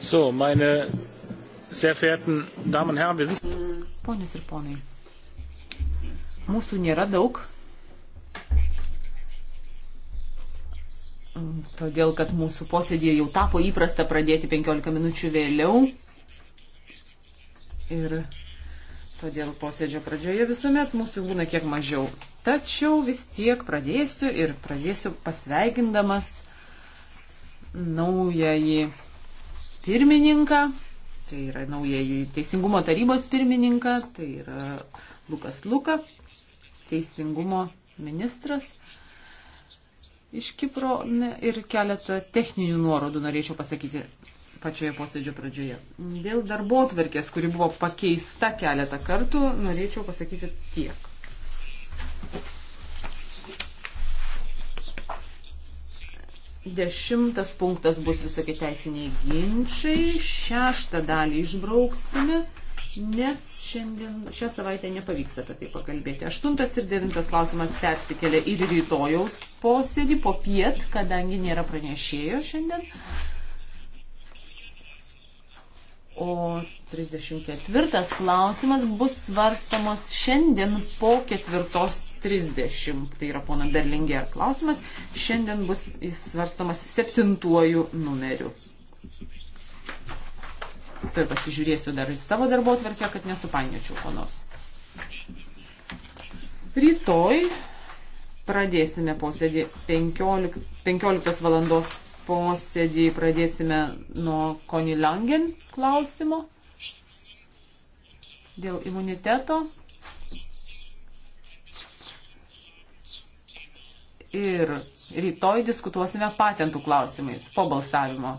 So, meine sehr verehrten Damen und Herren, wir sind. Ponios ir ponai, mūsų nėra daug, todėl kad mūsų posėdėje jau tapo įprasta pradėti 15 minučių vėliau. Ir todėl posėdžio pradžioje visuomet mūsų būna kiek mažiau. Tačiau vis tiek pradėsiu ir pradėsiu pasveikindamas naująjį pirmininką, tai yra naujieji Teisingumo tarybos pirmininką, tai yra Lukas Luka, Teisingumo ministras iš Kipro ne, ir keletą techninių nuorodų norėčiau pasakyti pačioje posėdžio pradžioje. Dėl darbo tvarkės, kuri buvo pakeista keletą kartų, norėčiau pasakyti tiek. Dešimtas punktas bus visokie teisiniai ginčiai. Šeštą dalį išbrauksime, nes šiandien, šią savaitę nepavyks apie tai pakalbėti. Aštuntas ir devintas klausimas persikelia ir rytojaus posėdį po piet, kadangi nėra pranešėjo šiandien. O 34 klausimas bus svarstamos šiandien po 4.30. Tai yra pono Berlinger klausimas. Šiandien bus jis svarstomas septintuoju numeriu. Tai pasižiūrėsiu dar į savo darbo atverkę, kad nesupainiočiau ko nors. Rytoj pradėsime posėdį 15, 15 valandos posėdį pradėsime nuo Konilangen klausimo dėl imuniteto. Ir rytoj diskutuosime patentų klausimais po balsavimo.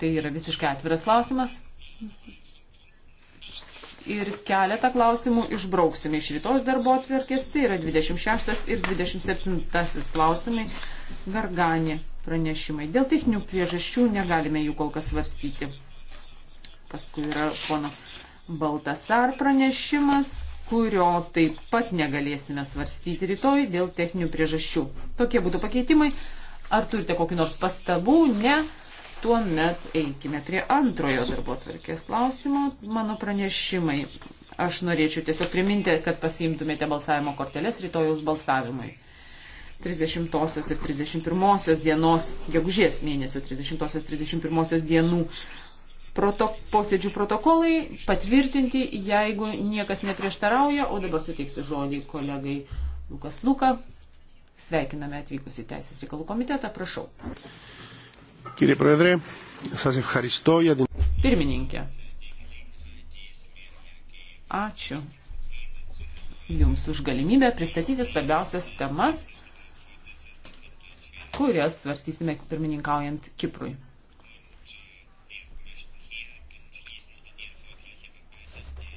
Tai yra visiškai atviras klausimas. Ir keletą klausimų išbrauksime iš rytos darbo atvirkės. Tai yra 26 ir 27 klausimai. Garganė pranešimai. Dėl techninių priežasčių negalime jų kol kas svarstyti. Paskui yra pono Baltasar pranešimas, kurio taip pat negalėsime svarstyti rytoj dėl techninių priežasčių. Tokie būtų pakeitimai. Ar turite kokį nors pastabų? Ne. Tuomet eikime prie antrojo darbo tvarkės klausimo. Mano pranešimai. Aš norėčiau tiesiog priminti, kad pasiimtumėte balsavimo korteles rytojus balsavimui. 30 ir 31 dienos, gegužės mėnesio 30 ir 31 dienų proto, posėdžių protokolai patvirtinti, jeigu niekas neprieštarauja, o dabar suteiksiu žodį kolegai Lukas Luka. Sveikiname atvykus į Teisės reikalų komitetą, prašau. Kyrie Pradrė, Sasif Haristoja. Pirmininkė. Ačiū Jums už galimybę pristatyti svarbiausias temas kurias svarstysime pirmininkaujant Kiprui.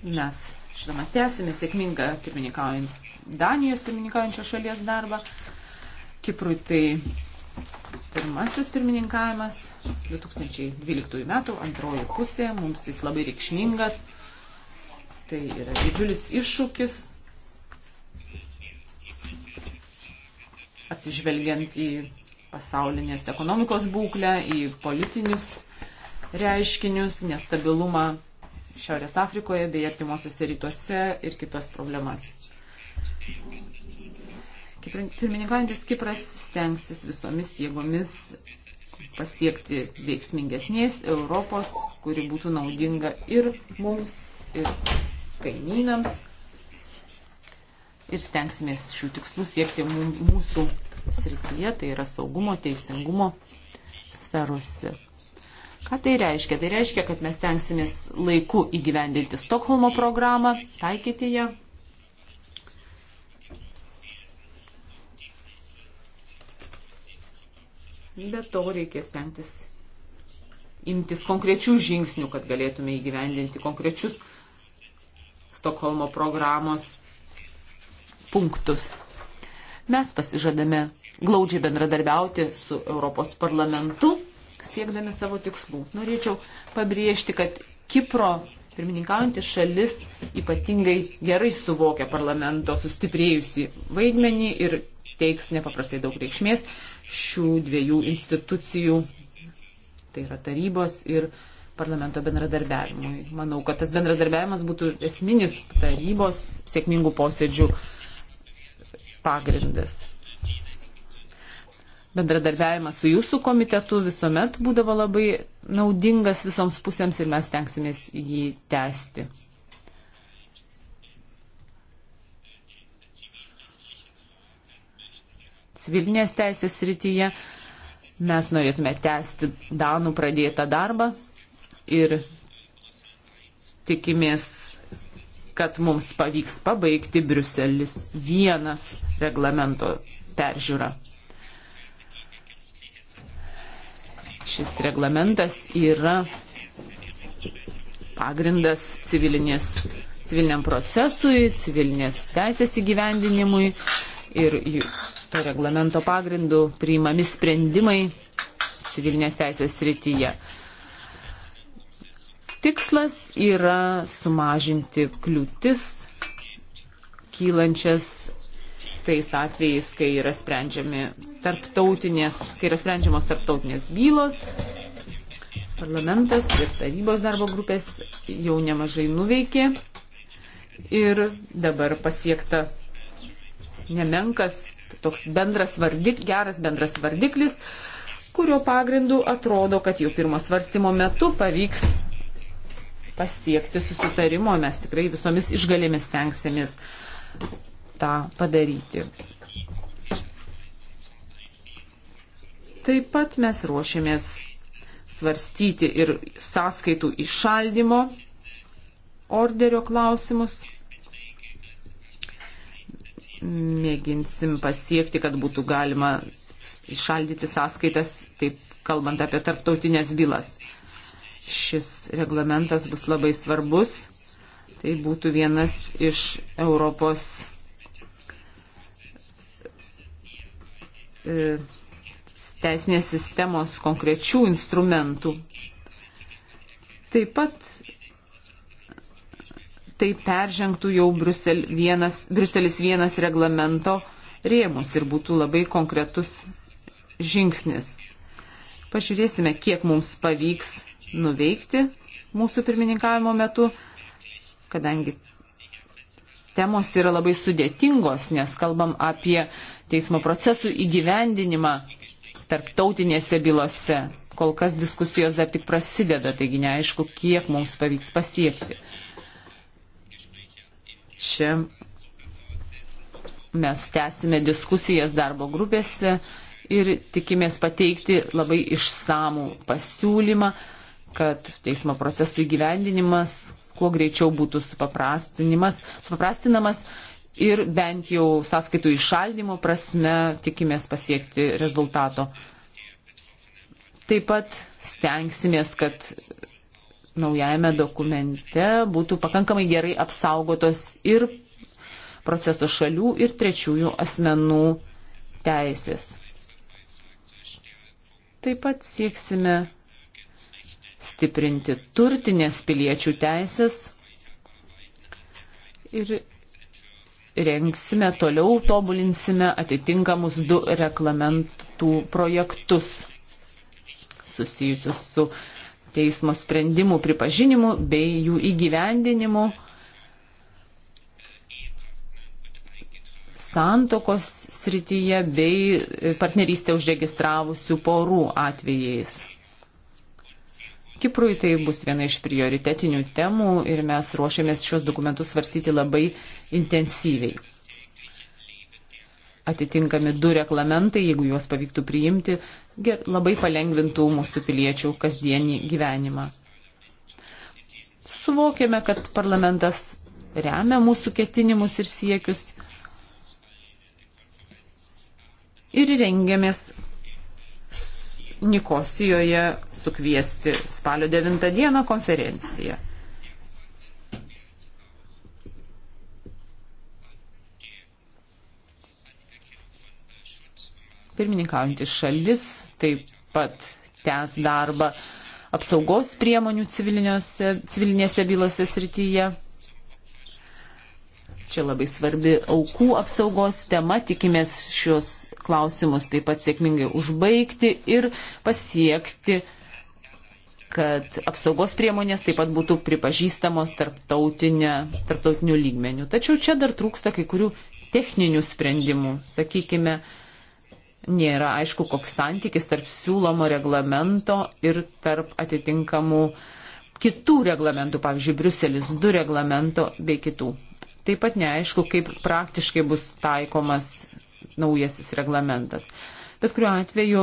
Mes, žinoma, tęsime sėkmingą pirmininkaujant Danijos pirmininkaujančios šalies darbą. Kiprui tai pirmasis pirmininkavimas 2012 metų, antroji pusė, mums jis labai reikšmingas. Tai yra didžiulis iššūkis, atsižvelgiant į pasaulinės ekonomikos būklę, į politinius reiškinius, nestabilumą Šiaurės Afrikoje bei artimuosiuose rytuose ir kitas problemas. Pirmininkaujantis Kipras stengsis visomis jėgomis pasiekti veiksmingesnės Europos, kuri būtų naudinga ir mums, ir kaimynams, ir stengsimės šių tikslų siekti mūsų srityje, tai yra saugumo, teisingumo sferose. Ką tai reiškia? Tai reiškia, kad mes tenksimės laiku įgyvendinti Stokholmo programą, taikyti ją. Bet to reikės tenktis imtis konkrečių žingsnių, kad galėtume įgyvendinti konkrečius Stokholmo programos punktus. Mes pasižadame glaudžiai bendradarbiauti su Europos parlamentu, siekdami savo tikslų. Norėčiau pabrėžti, kad Kipro pirmininkaujantis šalis ypatingai gerai suvokia parlamento sustiprėjusi vaidmenį ir teiks nepaprastai daug reikšmės šių dviejų institucijų, tai yra tarybos ir parlamento bendradarbiavimui. Manau, kad tas bendradarbiavimas būtų esminis tarybos sėkmingų posėdžių uh, pagrindas. Bendradarbiavimas su jūsų komitetu visuomet būdavo labai naudingas visoms pusėms ir mes tenksimės jį tęsti. civilinės teisės srityje. Mes norėtume tęsti Danų pradėtą darbą ir tikimės kad mums pavyks pabaigti Briuselis vienas reglamento peržiūrą. Šis reglamentas yra pagrindas civilinės, civiliniam procesui, civilinės teisės įgyvendinimui ir to reglamento pagrindu priimami sprendimai civilinės teisės srityje. Tikslas yra sumažinti kliūtis kylančias tais atvejais, kai yra, tarptautinės, kai yra sprendžiamos tarptautinės bylos. Parlamentas ir tarybos darbo grupės jau nemažai nuveikė ir dabar pasiekta nemenkas toks bendras vardik, geras bendras vardiklis, kurio pagrindu atrodo, kad jau pirmo svarstymo metu pavyks pasiekti susitarimo, mes tikrai visomis išgalėmis tenksimės tą padaryti. Taip pat mes ruošiamės svarstyti ir sąskaitų išaldymo orderio klausimus. Mėginsim pasiekti, kad būtų galima išaldyti sąskaitas, taip kalbant apie tarptautinės bylas šis reglamentas bus labai svarbus. Tai būtų vienas iš Europos e, teisinės sistemos konkrečių instrumentų. Taip pat tai peržengtų jau Brusel vienas, Bruselis vienas reglamento rėmus ir būtų labai konkretus žingsnis. Pažiūrėsime, kiek mums pavyks nuveikti mūsų pirmininkavimo metu, kadangi temos yra labai sudėtingos, nes kalbam apie teismo procesų įgyvendinimą tarptautinėse bylose. Kol kas diskusijos dar tik prasideda, taigi neaišku, kiek mums pavyks pasiekti. Čia mes tęsime diskusijas darbo grupėse ir tikimės pateikti labai išsamų pasiūlymą, kad teismo procesų įgyvendinimas kuo greičiau būtų supaprastinamas ir bent jau sąskaitų išaldimo prasme tikimės pasiekti rezultato. Taip pat stengsimės, kad naujajame dokumente būtų pakankamai gerai apsaugotos ir proceso šalių ir trečiųjų asmenų teisės. Taip pat sieksime stiprinti turtinės piliečių teisės ir rengsime toliau, tobulinsime atitinkamus du reglamentų projektus susijusius su teismo sprendimų pripažinimu bei jų įgyvendinimu. santokos srityje bei partnerystę užregistravusių porų atvejais. Kiprui tai bus viena iš prioritetinių temų ir mes ruošiamės šios dokumentus svarstyti labai intensyviai. Atitinkami du reglamentai, jeigu juos pavyktų priimti, labai palengvintų mūsų piliečių kasdienį gyvenimą. Suvokėme, kad parlamentas remia mūsų ketinimus ir siekius ir rengiamės Nikosijoje sukviesti spalio 9 dieną konferenciją. Pirmininkaujantis šalis taip pat tęs darbą apsaugos priemonių civilinėse bylose srityje. Čia labai svarbi aukų apsaugos tema, tikimės šios klausimus taip pat sėkmingai užbaigti ir pasiekti, kad apsaugos priemonės taip pat būtų pripažįstamos tarptautiniu lygmeniu. Tačiau čia dar trūksta kai kurių techninių sprendimų. Sakykime, nėra aišku, koks santykis tarp siūlomo reglamento ir tarp atitinkamų kitų reglamentų, pavyzdžiui, Bruselis 2 reglamento bei kitų. Taip pat neaišku, kaip praktiškai bus taikomas naujasis reglamentas. Bet kuriuo atveju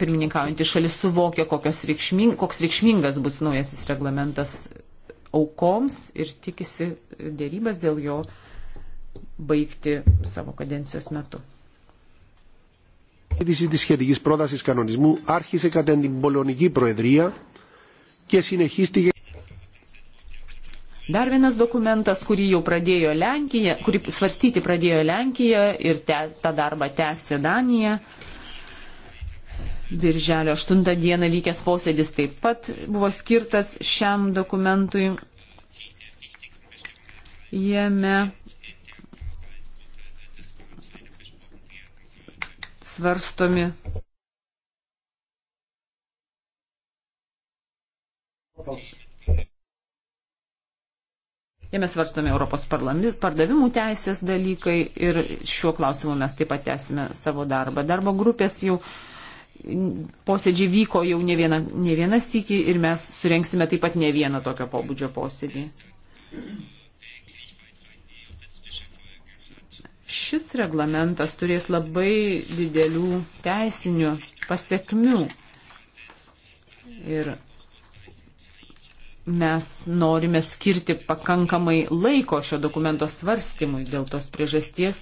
pirmininkaujantį šalis suvokia, reikšming, koks reikšmingas bus naujasis reglamentas aukoms ir tikisi dėrybas dėl jo baigti savo kadencijos metu. συζήτηση της σχετικής πρότασης κανονισμού άρχισε κατά την Πολωνική Προεδρία και συνεχίστηκε Dar vienas dokumentas, kurį jau pradėjo Lenkija, kurį svarstyti pradėjo Lenkija ir te, tą darbą tęsė Danija. Birželio 8 dieną vykęs posėdis taip pat buvo skirtas šiam dokumentui. Jame svarstomi. Thank you. Jame svarstome Europos pardavimų teisės dalykai ir šiuo klausimu mes taip pat tęsime savo darbą. Darbo grupės jau posėdžiai vyko jau ne vieną, ne vieną sykį ir mes surenksime taip pat ne vieną tokio pobūdžio posėdį. Šis reglamentas turės labai didelių teisinių pasiekmių. Ir mes norime skirti pakankamai laiko šio dokumento svarstymui dėl tos priežasties,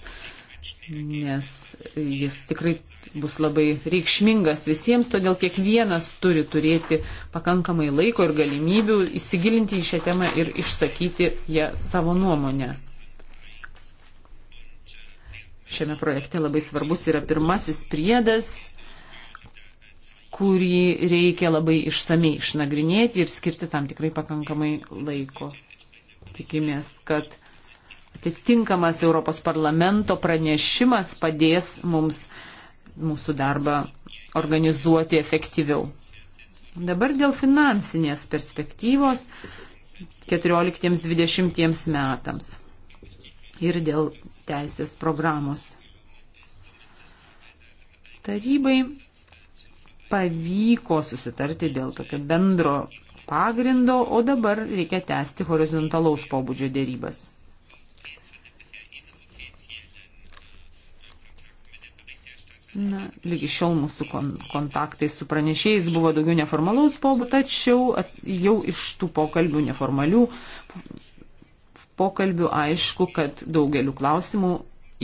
nes jis tikrai bus labai reikšmingas visiems, todėl kiekvienas turi turėti pakankamai laiko ir galimybių įsigilinti į šią temą ir išsakyti ją savo nuomonę. Šiame projekte labai svarbus yra pirmasis priedas kurį reikia labai išsamei išnagrinėti ir skirti tam tikrai pakankamai laiko. Tikimės, kad atitinkamas Europos parlamento pranešimas padės mums mūsų darbą organizuoti efektyviau. Dabar dėl finansinės perspektyvos 14-20 metams ir dėl teisės programos. Tarybai pavyko susitarti dėl tokio bendro pagrindo, o dabar reikia tęsti horizontalaus pobūdžio dėrybas. Na, lygi šiol mūsų kon kontaktai su pranešėjais buvo daugiau neformalaus pobūdžio, tačiau at, jau iš tų pokalbių neformalių pokalbių aišku, kad daugeliu klausimų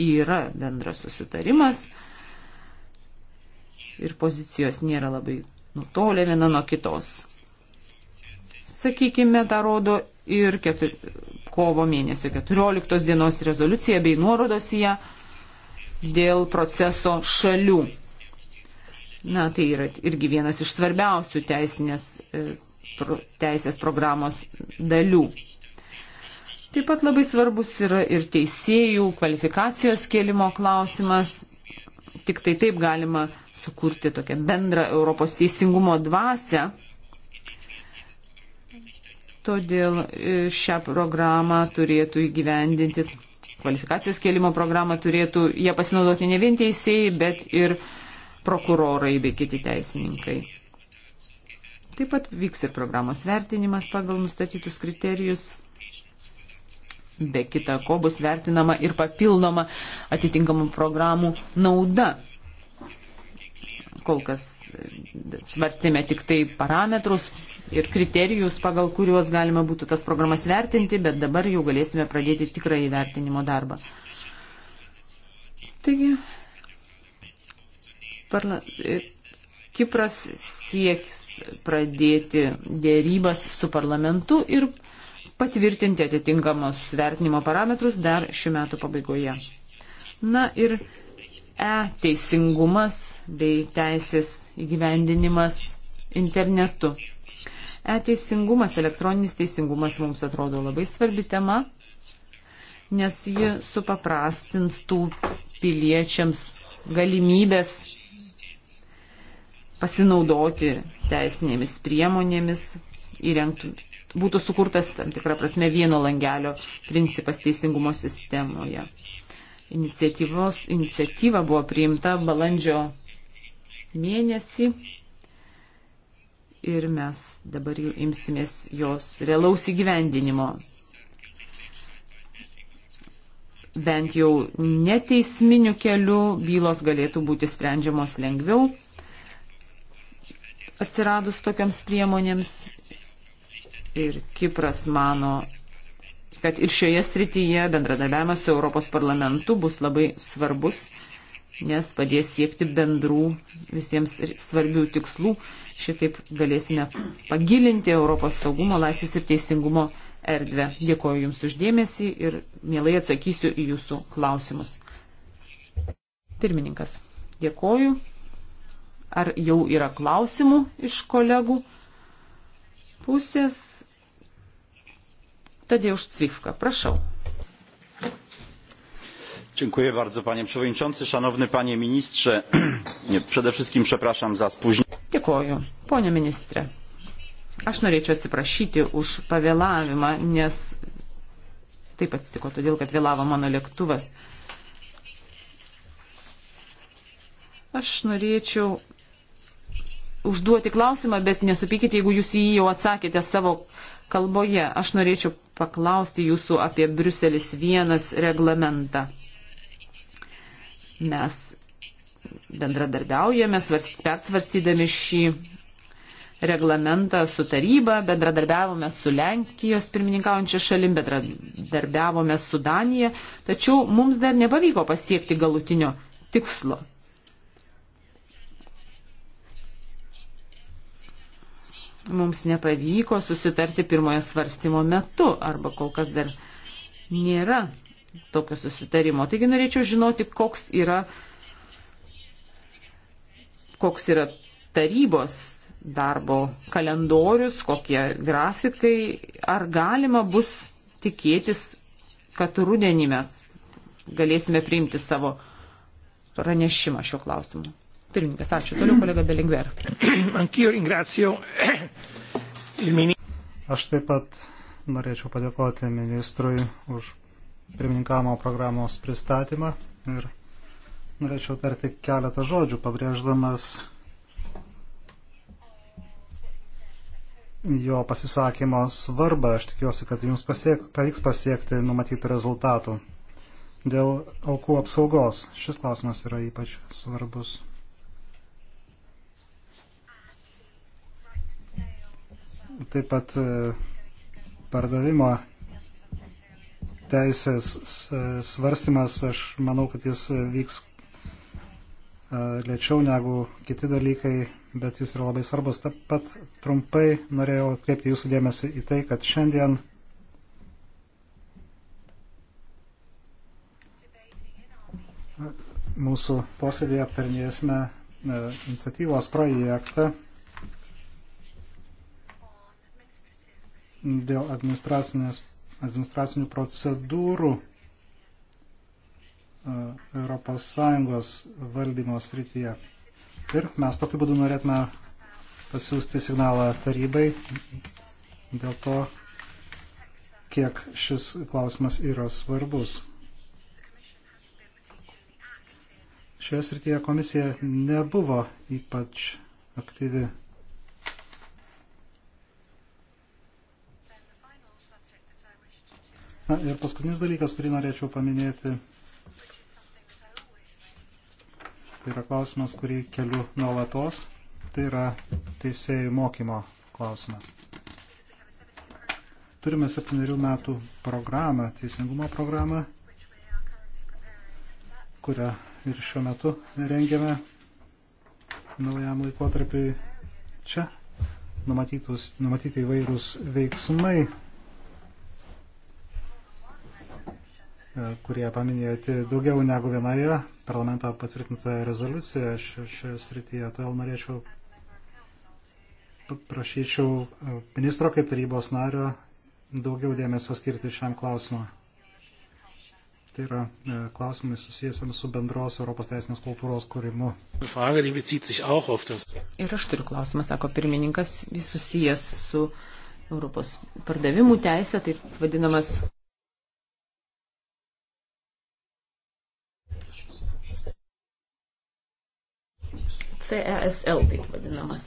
yra bendras susitarimas ir pozicijos nėra labai nutolę viena nuo kitos. Sakykime, tą rodo ir ketur, kovo mėnesio 14 dienos rezoliucija bei nuorodos į ją dėl proceso šalių. Na, tai yra irgi vienas iš svarbiausių teisinės, e, teisės programos dalių. Taip pat labai svarbus yra ir teisėjų kvalifikacijos kėlimo klausimas Tik tai taip galima sukurti tokią bendrą Europos teisingumo dvasę. Todėl e, šią programą turėtų įgyvendinti, kvalifikacijos kėlimo programą turėtų jie pasinaudoti ne vien teisėjai, bet ir prokurorai bei kiti teisininkai. Taip pat vyks ir programos vertinimas pagal nustatytus kriterijus be kita ko bus vertinama ir papildoma atitinkamų programų nauda. Kol kas e, svarstėme tik tai parametrus ir kriterijus, pagal kuriuos galima būtų tas programas vertinti, bet dabar jau galėsime pradėti tikrą įvertinimo darbą. Taigi, parla, e, Kipras sieks pradėti dėrybas su parlamentu ir patvirtinti atitinkamos vertinimo parametrus dar šių metų pabaigoje. Na ir e-teisingumas bei teisės įgyvendinimas internetu. E-teisingumas, elektroninis teisingumas mums atrodo labai svarbi tema, nes ji supaprastins tų piliečiams galimybės pasinaudoti teisinėmis priemonėmis, įrengtų būtų sukurtas tam tikrą prasme vieno langelio principas teisingumo sistemoje. Iniciatyvos, iniciatyva buvo priimta balandžio mėnesį ir mes dabar jau imsimės jos realaus įgyvendinimo. Bent jau neteisminiu keliu bylos galėtų būti sprendžiamos lengviau atsiradus tokiams priemonėms ir Kipras mano, kad ir šioje srityje bendradarbiavimas su Europos parlamentu bus labai svarbus, nes padės siekti bendrų visiems svarbių tikslų. Šitaip galėsime pagilinti Europos saugumo, laisvės ir teisingumo erdvę. Dėkoju Jums uždėmesį ir mielai atsakysiu į Jūsų klausimus. Pirmininkas, dėkoju. Ar jau yra klausimų iš kolegų pusės? Tadeusz Cwifka. Proszę. Dziękuję bardzo panie przewodniczący, szanowny panie ministrze. Przede wszystkim przepraszam za spóźnienie. Dėkuoju, pone ministre. Aš norėčiau atsiprašyti už pavėlavimą, nes taip atsitiko, todėl kad vėlavo mano lėktuvas. Aš norėčiau užduoti klausimą, bet nesupykite, jeigu jūs į jį jau atsakėte savo kalboje. Aš norėčiau paklausti jūsų apie Bruselis vienas reglamentą. Mes bendradarbiaujame, persvarstydami šį reglamentą su taryba, bendradarbiavome su Lenkijos pirmininkaujančia šalim, bendradarbiavome su Danija, tačiau mums dar nepavyko pasiekti galutinio tikslo. mums nepavyko susitarti pirmojo svarstymo metu arba kol kas dar nėra tokio susitarimo. Taigi norėčiau žinoti, koks yra, koks yra tarybos darbo kalendorius, kokie grafikai, ar galima bus tikėtis, kad rudenį mes galėsime priimti savo pranešimą šiuo klausimu pirmininkas. Ačiū. Toliau kolega Belingver. Aš taip pat norėčiau padėkoti ministrui už pirmininkamo programos pristatymą ir norėčiau tarti keletą žodžių, pabrėždamas jo pasisakymo svarbą. Aš tikiuosi, kad jums pasiek, pavyks pasiekti numatytų rezultatų. Dėl aukų apsaugos šis klausimas yra ypač svarbus. taip pat e, pardavimo teisės e, svarstymas, aš manau, kad jis vyks e, lėčiau negu kiti dalykai, bet jis yra labai svarbus. Taip pat trumpai norėjau atkreipti jūsų dėmesį į tai, kad šiandien mūsų posėdėje aptarnėsime iniciatyvos projektą dėl administracinių procedūrų ES valdymo srityje. Ir mes tokiu būdu norėtume pasiūsti signalą tarybai dėl to, kiek šis klausimas yra svarbus. Šioje srityje komisija nebuvo ypač aktyvi Na, ir paskutinis dalykas, kurį norėčiau paminėti, tai yra klausimas, kurį keliu nuolatos, tai yra teisėjų mokymo klausimas. Turime septyniarių metų programą, teisingumo programą, kurią ir šiuo metu rengiame naujam laikotarpiui čia numatytus, numatyti įvairūs veiksmai kurie paminėti daugiau negu vienoje parlamento patvirtintoje rezoliucijoje šioje srityje. Todėl norėčiau prašyčiau e, ministro kaip tarybos nario daugiau dėmesio skirti šiam klausimui. Tai yra e, klausimai susijęsiam su bendros Europos teisinės kultūros kūrimu. Ir aš turiu klausimą, sako pirmininkas, jis susijęs su Europos pardavimų teisė, taip vadinamas CESL taip vadinamas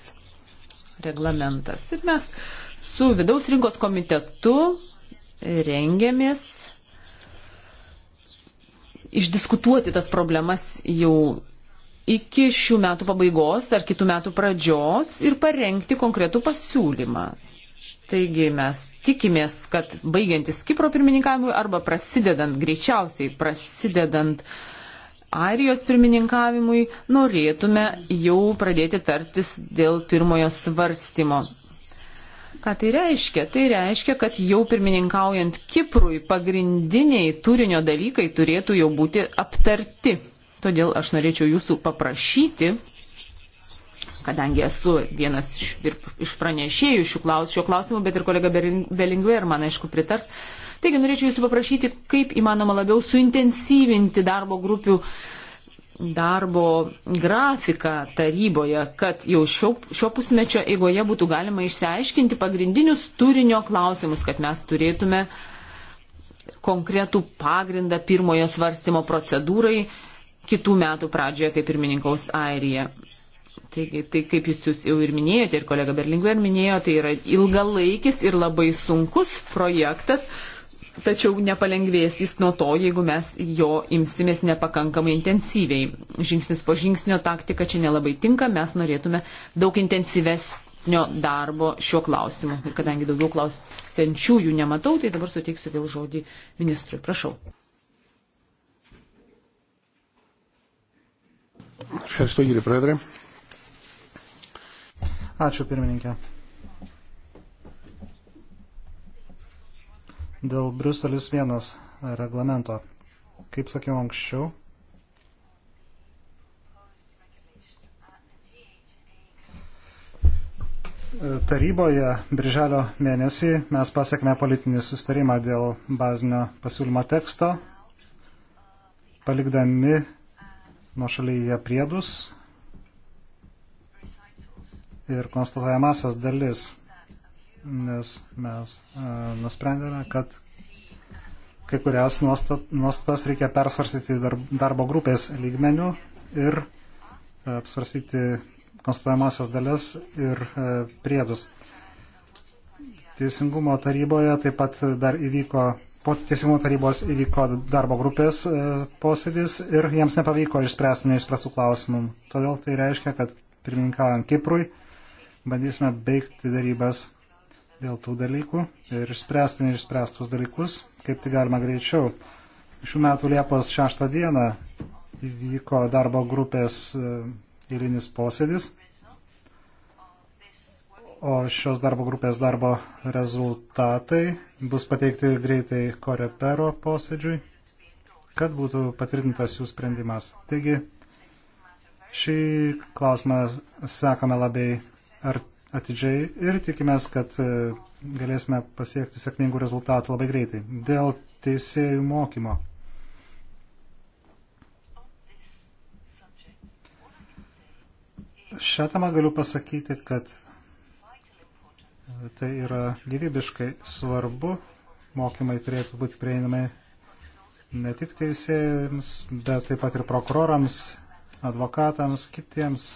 reglamentas. Ir mes su vidaus rinkos komitetu rengiamės išdiskutuoti tas problemas jau iki šių metų pabaigos ar kitų metų pradžios ir parengti konkretų pasiūlymą. Taigi mes tikimės, kad baigiantis Kipro pirmininkavimui arba prasidedant, greičiausiai prasidedant uh, Airijos pirmininkavimui norėtume jau pradėti tartis dėl pirmojo svarstymo. Ką tai reiškia? Tai reiškia, kad jau pirmininkaujant Kiprui pagrindiniai turinio dalykai turėtų jau būti aptarti. Todėl aš norėčiau jūsų paprašyti kadangi esu vienas iš pranešėjų šio klausimo, bet ir kolega Belingvė ir man aišku pritars. Taigi norėčiau jūsų paprašyti, kaip įmanoma labiau suintensyvinti darbo grupių darbo grafiką taryboje, kad jau šio, šio pusmečio eigoje būtų galima išsiaiškinti pagrindinius turinio klausimus, kad mes turėtume konkretų pagrindą pirmojo svarstymo procedūrai kitų metų pradžioje, kaip pirmininkaus Airija. Taigi, tai kaip jūs, jūs jau ir minėjote, ir kolega Berlinguer minėjo, tai yra ilgalaikis ir labai sunkus projektas, tačiau nepalengvės jis nuo to, jeigu mes jo imsimės nepakankamai intensyviai. Žingsnis po žingsnio taktika čia nelabai tinka, mes norėtume daug intensyvesnio darbo šiuo klausimu. Ir kadangi daugiau klausiančiųjų nematau, tai dabar suteiksiu vėl žodį ministrui. Prašau. Ευχαριστώ κύριε Πρόεδρε. Ačiū pirmininkė. Dėl Bruselis vienas reglamento. Kaip sakiau anksčiau, taryboje birželio mėnesį mes pasiekme politinį sustarimą dėl bazinio pasiūlymo teksto, palikdami nuo šalyje priedus ir konstatuojamasias dalis, nes mes e, nusprendėme, kad kai kurias nuostatas reikia persvarstyti darbo grupės lygmenių ir e, apsvarstyti konstatuojamasias dalis ir e, priedus. Teisingumo taryboje taip pat dar įvyko, po Teisingumo tarybos įvyko darbo grupės posėdis ir jiems nepavyko išspręsti neišspręstų klausimų. Todėl tai reiškia, kad pirmininkaujant Kiprui bandysime baigti darybas dėl tų dalykų ir išspręsti neišspręstus dalykus, kaip tai galima greičiau. Šių metų Liepos 6 dieną įvyko darbo grupės įlinis e, posėdis, o šios darbo grupės darbo rezultatai bus pateikti greitai korepero posėdžiui, kad būtų patvirtintas jų sprendimas. Taigi, šį klausimą sekame labai ar atidžiai ir tikimės, kad e, galėsime pasiekti sėkmingų rezultatų labai greitai. Dėl teisėjų mokymo. Šią temą galiu pasakyti, kad e, tai yra gyvybiškai svarbu. Mokymai turėtų būti prieinami ne tik teisėjams, bet taip pat ir prokurorams, advokatams, kitiems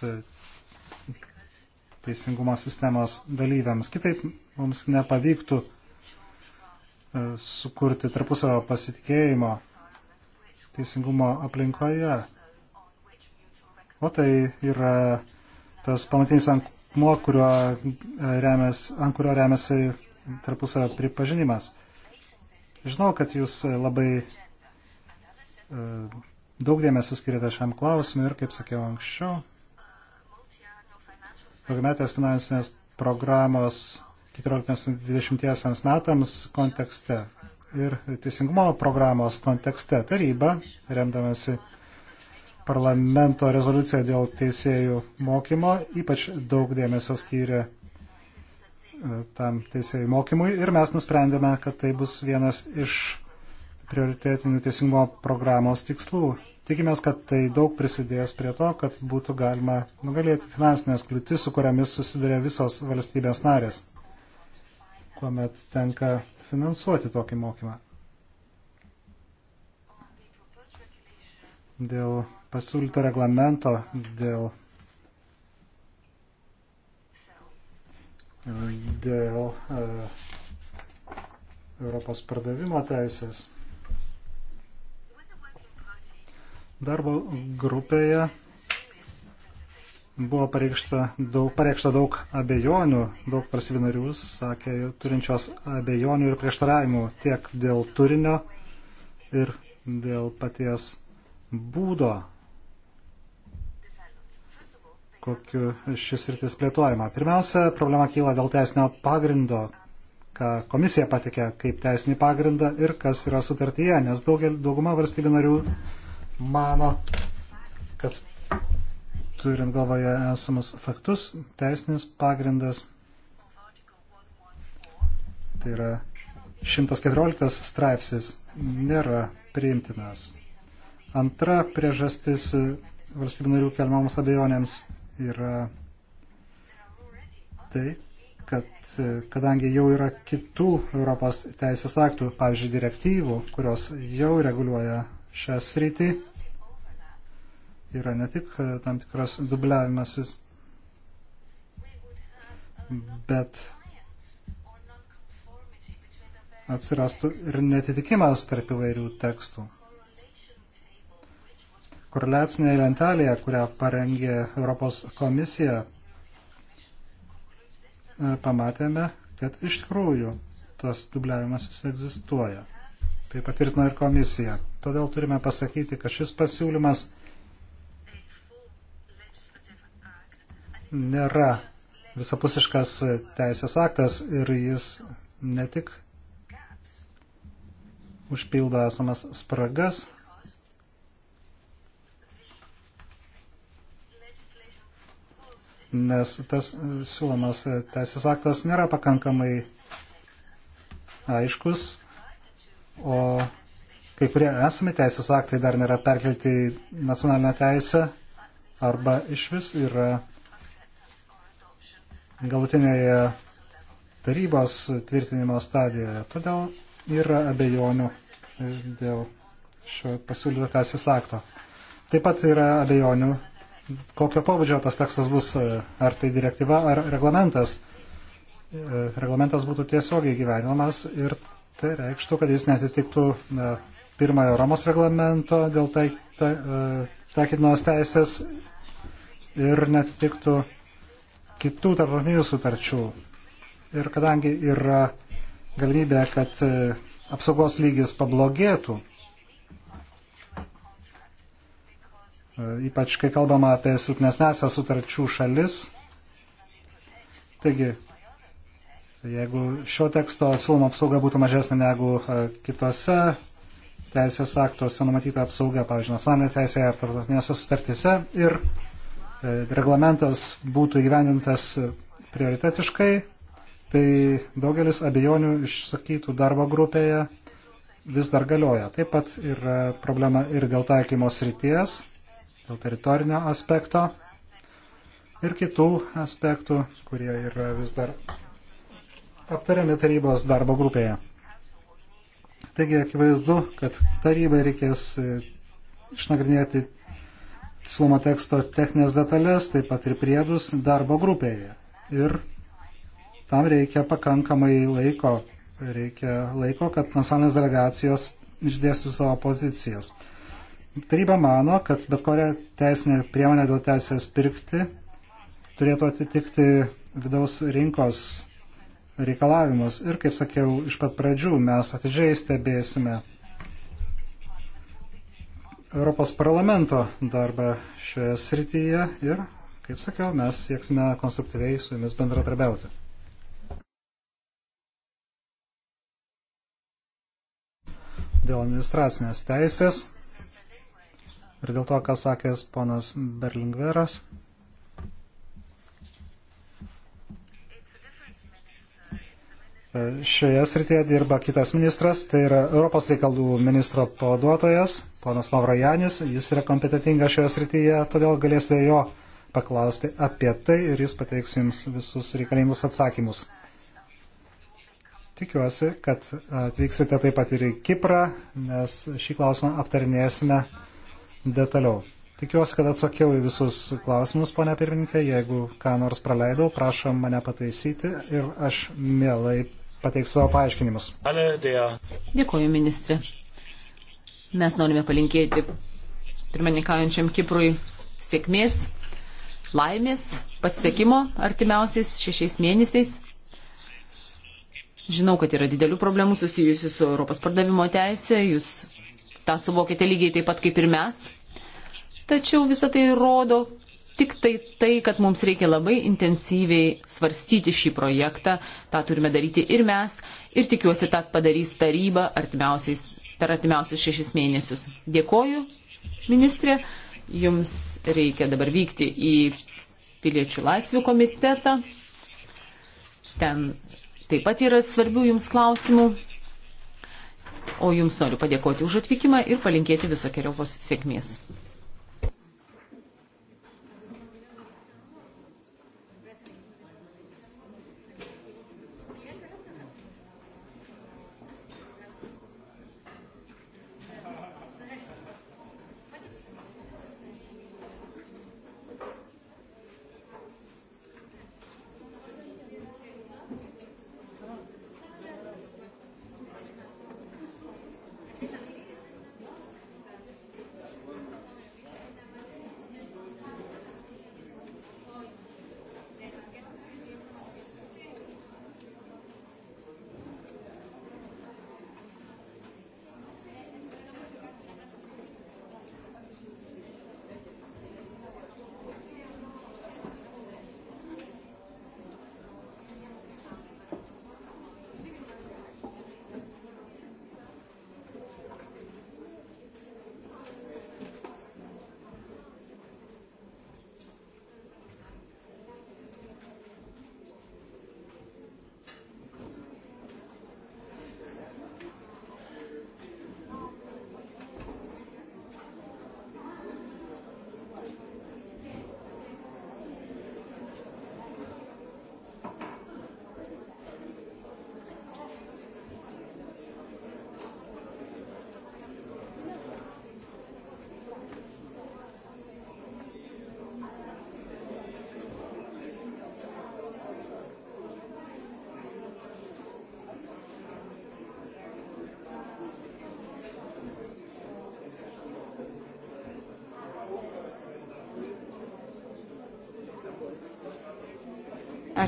teisingumo sistemos dalyviams. Kitaip mums nepavyktų e, sukurti tarpusavio pasitikėjimo teisingumo aplinkoje. O tai yra tas pamatinis ankmo, kurio remės, ant kurio remiasi tarpusavio pripažinimas. Žinau, kad jūs labai e, daug dėmesio skiriate šiam klausimui ir, kaip sakiau anksčiau, daugiametės finansinės programos 14-20 metams kontekste ir teisingumo programos kontekste taryba, remdamasi parlamento rezoliucija dėl teisėjų mokymo, ypač daug dėmesio skyrė e, tam teisėjų mokymui ir mes nusprendėme, kad tai bus vienas iš prioritetinių teisingumo programos tikslų Tikimės, kad tai daug prisidės prie to, kad būtų galima nugalėti finansinės kliūtis, su kuriamis susiduria visos valstybės narės, kuomet tenka finansuoti tokį mokymą. Dėl pasiūlyto reglamento, dėl, dėl uh, Europos pardavimo teisės. Darbo grupėje buvo pareikšta daug, pareikšta daug abejonių, daug valstybinarių sakė turinčios abejonių ir prieštaravimų tiek dėl turinio ir dėl paties būdo, kokiu šis rytis plėtojama. Pirmiausia, problema kyla dėl teisinio pagrindo, ką komisija patikė kaip teisinį pagrindą ir kas yra sutartyje, nes daugel, dauguma valstybinarių narių mano, kad turint galvoje esamus faktus, teisinis pagrindas, tai yra 114 straipsnis, nėra priimtinas. Antra priežastis valstybių narių kelmamoms abejonėms yra tai, kad kadangi jau yra kitų Europos teisės aktų, pavyzdžiui, direktyvų, kurios jau reguliuoja šią sritį. Yra ne tik e, tam tikras dubliavimasis, bet atsirastų ir netitikimas tarp įvairių tekstų. Koreliacinėje lentelėje, kurią parengė Europos komisija, e, pamatėme, kad iš tikrųjų tas dubliavimas egzistuoja. Tai patvirtino ir komisija. Todėl turime pasakyti, kad šis pasiūlymas nėra visapusiškas teisės aktas ir jis ne tik užpildo esamas spragas, nes tas siūlomas teisės aktas nėra pakankamai aiškus o kai kurie esami teisės aktai dar nėra perkelti į nacionalinę teisę arba iš vis yra galutinėje tarybos tvirtinimo stadijoje. Todėl yra abejonių dėl šio pasiūlyto teisės akto. Taip pat yra abejonių, kokio pobūdžio tas tekstas bus, e, ar tai direktyva, ar reglamentas. E, reglamentas būtų tiesiogiai gyvenimas ir Tai reikštų, kad jis netitiktų e, pirmojo Romos reglamento dėl tai, e, taikytinos tai, teisės ir netitiktų kitų tarptautinių sutarčių. Ir kadangi yra galimybė, kad e, apsaugos lygis pablogėtų, ypač kai kalbama apie silpnesnėsią sutarčių šalis, taigi Jeigu šio teksto siūloma apsauga būtų mažesnė negu e, kitose teisės aktuose numatyta apsauga, pavyzdžiui, nacionalinė teisė ar tarptautinėse sutartyse ir e, reglamentas būtų įgyvendintas prioritetiškai, tai daugelis abejonių išsakytų darbo grupėje vis dar galioja. Taip pat yra problema ir dėl taikymo srities, dėl teritorinio aspekto ir kitų aspektų, kurie yra vis dar aptariami tarybos darbo grupėje. Taigi akivaizdu, kad tarybai reikės e, išnagrinėti siūlomo teksto techninės detalės, taip pat ir priedus darbo grupėje. Ir tam reikia pakankamai laiko, reikia laiko, kad nacionalinės delegacijos išdėstų savo pozicijas. Taryba mano, kad bet kokia teisinė priemonė dėl teisės pirkti turėtų atitikti vidaus rinkos reikalavimus. Ir, kaip sakiau, iš pat pradžių mes atidžiai stebėsime Europos parlamento darbą šioje srityje ir, kaip sakiau, mes sieksime konstruktyviai su jumis bendradarbiauti. Dėl administracinės teisės ir dėl to, ką sakęs ponas Berlingveras. E, šioje srityje dirba kitas ministras, tai yra Europos reikalų ministro pavaduotojas, ponas Mavrojanis, jis yra kompetitingas šioje srityje, todėl galėsite jo paklausti apie tai ir jis pateiks jums visus reikalingus atsakymus. Tikiuosi, kad atvyksite taip pat ir į Kiprą, nes šį klausimą aptarinėsime detaliau. Tikiuosi, kad atsakiau į visus klausimus, ponia pirmininkė. Jeigu ką nors praleidau, prašom mane pataisyti ir aš mielai pateiks savo paaiškinimus. Dėkuoju, ministrė. Mes norime palinkėti pirmininkaujančiam Kiprui sėkmės, laimės, pasisekimo artimiausiais šešiais mėnesiais. Žinau, kad yra didelių problemų susijusių su Europos pardavimo teisė, jūs tą suvokite lygiai taip pat kaip ir mes. Tačiau visą tai rodo, tik tai tai, kad mums reikia labai intensyviai svarstyti šį projektą, tą turime daryti ir mes, ir tikiuosi, tą padarys taryba per artimiausius šešis mėnesius. Dėkoju, ministrė, jums reikia dabar vykti į piliečių laisvių komitetą. Ten taip pat yra svarbių jums klausimų. O jums noriu padėkoti už atvykimą ir palinkėti visokiojopos sėkmės.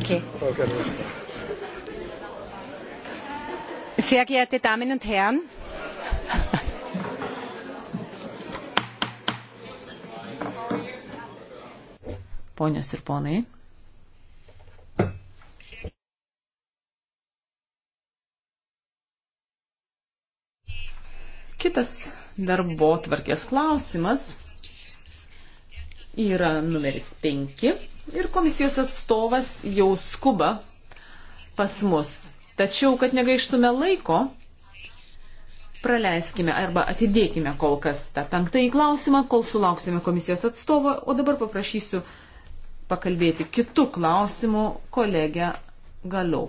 Okay. Sehr geehrte Damen und Herren, Ponios ir ponai. Kitas darbo tvarkės klausimas yra numeris 5 ir komisijos atstovas jau skuba pas mus. Tačiau, kad negaištume laiko, praleiskime arba atidėkime kol kas tą penktąjį klausimą, kol sulauksime komisijos atstovo, o dabar paprašysiu pakalbėti kitų klausimų kolegę Galiau.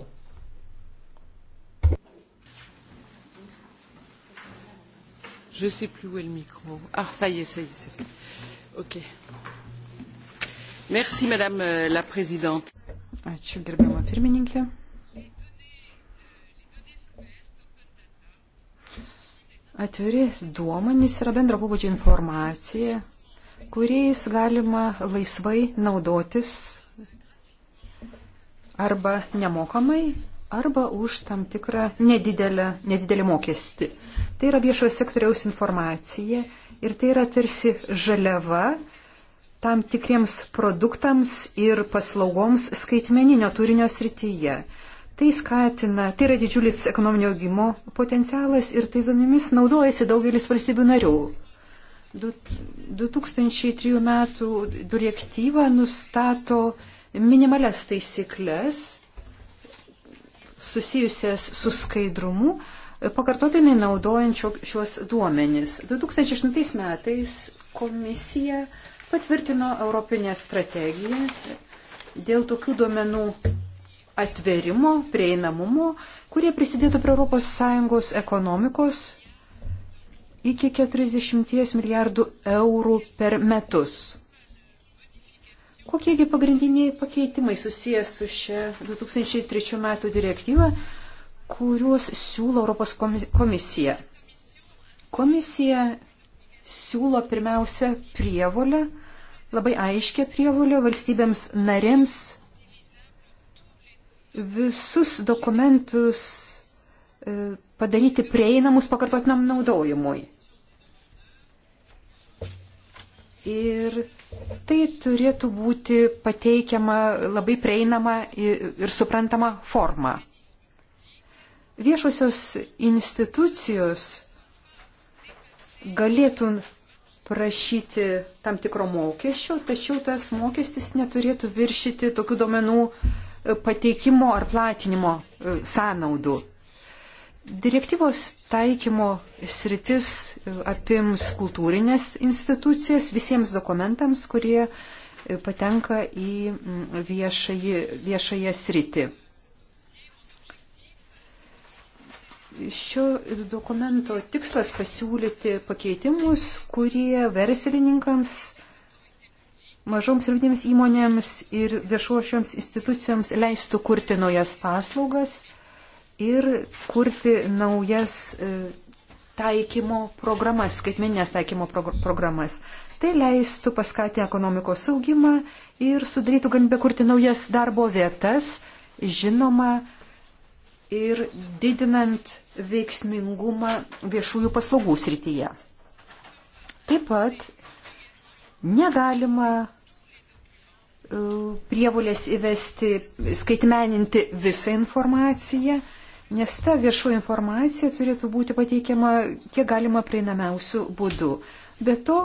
Je sais plus où est le micro. Ah, ça y est, ça y est, c'est fait. OK. Merci, Madame euh, la Présidente. Ačiū, gerbiama pirmininkė. Atviri duomenys yra bendro pobūdžio informacija, kuriais galima laisvai naudotis arba nemokamai, arba už tam tikrą nedidelę, nedidelį mokestį. Tai yra viešojo sektoriaus informacija ir tai yra tarsi žaliava tam tikriems produktams ir paslaugoms skaitmeninio turinio srityje. Tai skatina, tai yra didžiulis ekonominio augimo potencialas ir tais duomenimis naudojasi daugelis valstybių narių. 2003 metų direktyva nustato minimales taisyklės susijusias su skaidrumu, pakartotinai naudojant šios duomenys. 2008 metais komisija patvirtino Europinę strategiją dėl tokių duomenų atverimo, prieinamumo, kurie prisidėtų prie ES ekonomikos iki 40 milijardų eurų per metus. Kokiegi pagrindiniai pakeitimai susijęs su šia 2003 metų direktyva, kuriuos siūlo Europos komisija? Komisija siūlo pirmiausia prievolę, labai aiškę prievolę valstybėms narėms visus dokumentus e, padaryti prieinamus pakartotiniam naudojimui. Ir tai turėtų būti pateikiama labai prieinama ir suprantama forma. Viešosios institucijos galėtum prašyti tam tikro mokesčio, tačiau tas mokestis neturėtų viršyti tokių duomenų e, pateikimo ar platinimo e, sąnaudų. Direktyvos taikymo sritis e, apims kultūrinės institucijas visiems dokumentams, kurie patenka į viešąją sritį. Šio dokumento tikslas pasiūlyti pakeitimus, kurie verslininkams, mažoms ir vidinėms įmonėms ir viešuošioms institucijoms leistų kurti naujas paslaugas ir kurti naujas e, taikymo programas, skaitmeninės taikymo programas. Tai leistų paskatinti ekonomikos augimą ir sudarytų galimybę kurti naujas darbo vietas, žinoma, ir didinant veiksmingumą viešųjų paslaugų srityje. Taip pat negalima e, prievolės įvesti, skaitmeninti visą informaciją, nes ta viešo informacija turėtų būti pateikiama kiek galima prieinamiausių būdų. Be to,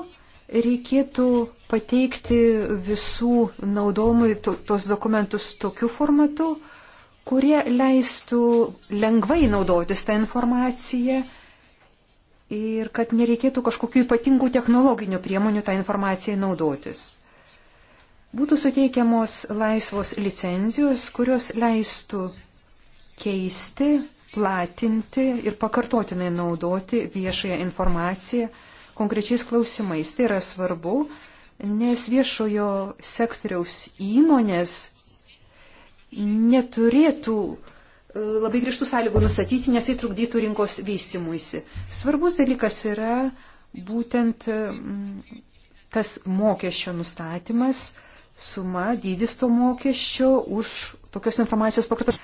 reikėtų pateikti visų naudojimui tos dokumentus tokiu formatu, kurie leistų lengvai naudotis tą informaciją ir kad nereikėtų kažkokių ypatingų technologinių priemonių tą informaciją naudotis. Būtų suteikiamos laisvos licenzijos, kurios leistų keisti, platinti ir pakartotinai naudoti viešąją informaciją konkrečiais klausimais. Tai yra svarbu, nes viešojo sektoriaus įmonės neturėtų e, labai grįžtų sąlygų nustatyti, nes tai trukdytų rinkos vystimuisi. Svarbus dalykas yra būtent e, tas mokesčio nustatymas, suma, dydis to mokesčio už tokios informacijos pakartos.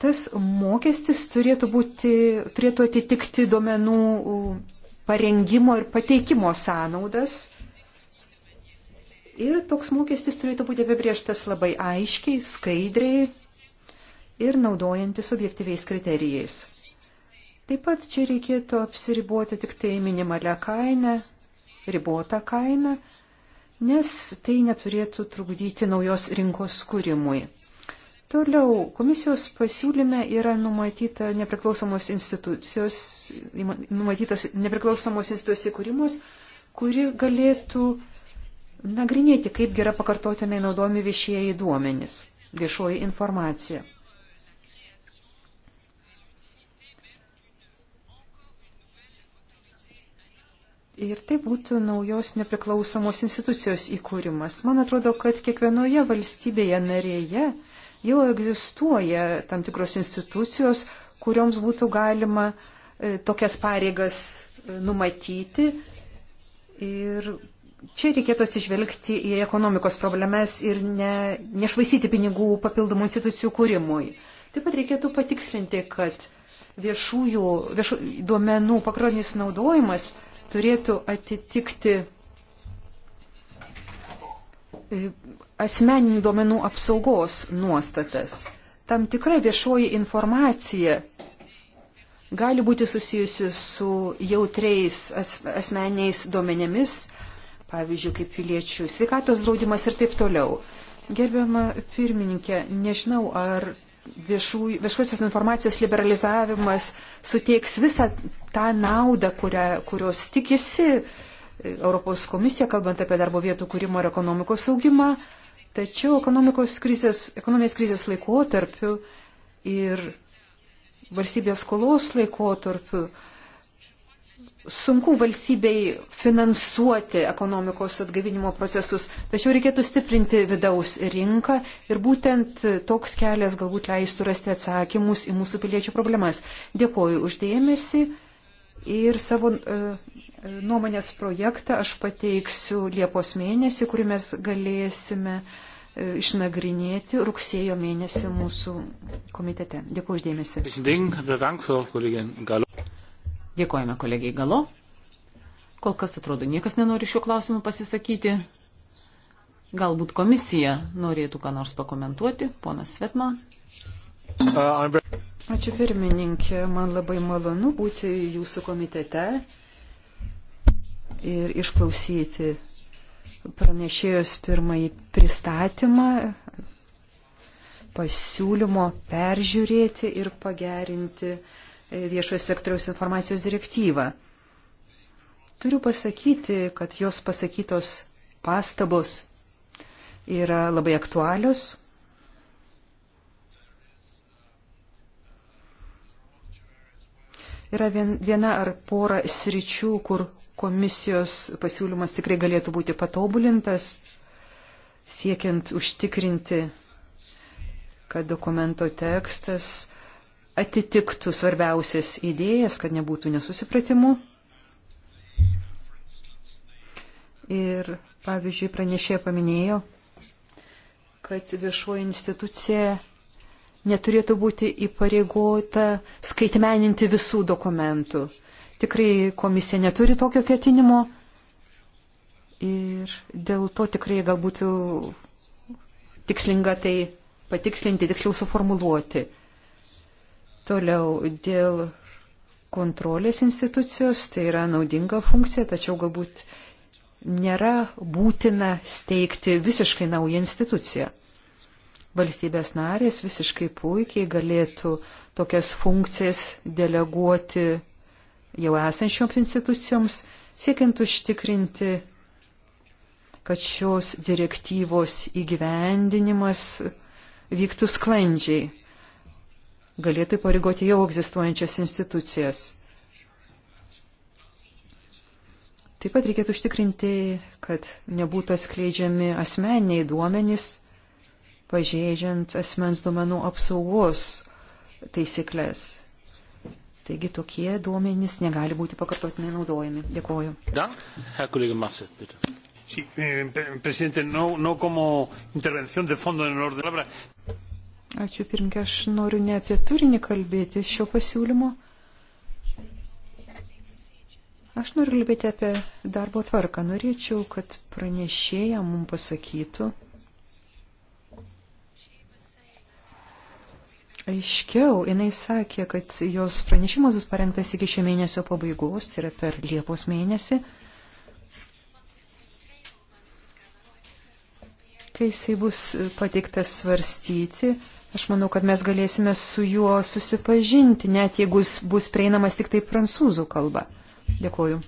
Tas mokestis turėtų, būti, turėtų atitikti duomenų parengimo ir pateikimo sąnaudas Ir toks mokestis turėtų būti apibrieštas labai aiškiai, skaidriai ir naudojantis objektyviais kriterijais. Taip pat čia reikėtų apsiriboti tik tai minimalią kainą, ribotą kainą, nes tai neturėtų trukdyti naujos rinkos kūrimui. Toliau komisijos pasiūlyme yra numatyta nepriklausomos institucijos, numatytas nepriklausomos institucijos įkūrimus, kuri galėtų uh, nagrinėti, kaip yra pakartotinai naudojami viešieji duomenys, viešoji informacija. Ir tai būtų naujos nepriklausomos institucijos įkūrimas. Man atrodo, kad kiekvienoje valstybėje narėje jau egzistuoja tam tikros institucijos, kurioms būtų galima e, tokias pareigas e, numatyti ir Čia reikėtų atsižvelgti į ekonomikos problemas ir ne, nešvaisyti pinigų papildomų institucijų kūrimui. Taip pat reikėtų patikslinti, kad viešųjų viešų, duomenų pakroninis naudojimas turėtų atitikti e, asmeninių duomenų apsaugos nuostatas. Tam tikra viešoji informacija gali būti susijusi su jautriais as, asmeniais duomenėmis pavyzdžiui, kaip piliečių sveikatos draudimas ir taip toliau. Gerbiama pirmininkė, nežinau, ar viešų, viešuosios informacijos liberalizavimas suteiks visą tą naudą, kurią, kurios tikisi Europos komisija, kalbant apie darbo vietų kūrimo ir ekonomikos augimą. Tačiau krizės, ekonominės krizės laikotarpiu ir valstybės skolos laikotarpiu sunku valstybei finansuoti ekonomikos atgavinimo procesus, tačiau reikėtų stiprinti vidaus rinką ir būtent toks kelias galbūt leistų rasti atsakymus į mūsų piliečių problemas. Dėkoju uždėmesi ir savo e, nuomonės projektą aš pateiksiu Liepos mėnesį, kurį mes galėsime e, išnagrinėti rugsėjo mėnesį mūsų komitete. Dėkuoju uždėmesi. Dėkojame kolegiai Galo. Kol kas atrodo, niekas nenori šiuo klausimu pasisakyti. Galbūt komisija norėtų ką nors pakomentuoti. Ponas Svetma. Ačiū pirmininkė, man labai malonu būti jūsų komitete ir išklausyti pranešėjos pirmąjį pristatymą pasiūlymo peržiūrėti ir pagerinti uh, viešojo sektoriaus informacijos direktyvą. Turiu pasakyti, kad jos pasakytos pastabos yra labai aktualios. Yra viena ar pora sričių, kur komisijos pasiūlymas tikrai galėtų būti patobulintas, siekiant užtikrinti, kad dokumento tekstas atitiktų svarbiausias idėjas, kad nebūtų nesusipratimų. Ir, pavyzdžiui, pranešė paminėjo, kad viešoji institucija neturėtų būti įpareigota skaitmeninti visų dokumentų. Tikrai komisija neturi tokio ketinimo ir dėl to tikrai galbūt tikslinga tai patikslinti, tiksliau suformuluoti. Toliau dėl kontrolės institucijos, tai yra naudinga funkcija, tačiau galbūt nėra būtina steigti visiškai naują instituciją. Valstybės narės visiškai puikiai galėtų tokias funkcijas deleguoti jau esančioms institucijoms, siekiant užtikrinti, kad šios direktyvos įgyvendinimas vyktų sklandžiai galėtų įpareigoti jau egzistuojančias institucijas. Taip pat reikėtų užtikrinti, kad nebūtų atskleidžiami asmeniniai duomenys, pažeidžiant asmens duomenų apsaugos taisyklės. Taigi tokie duomenys negali būti pakartotinai naudojami. Dėkuoju. Da, Herr Kollege Masse, bitte. Sí, eh, presidente, no, no como intervención de fondo en orden de palabra. Ačiū pirmkė, aš noriu ne apie turinį kalbėti šio pasiūlymo. Aš noriu kalbėti apie darbo tvarką. Norėčiau, kad pranešėja mums pasakytų aiškiau. Jis sakė, kad jos pranešimas bus parengtas iki šio mėnesio pabaigos, tai yra per Liepos mėnesį. Kai jisai bus pateiktas svarstyti, Aš manau, kad mes galėsime su juo susipažinti, net jeigu jis bus prieinamas tik tai prancūzų kalba. Dėkuoju.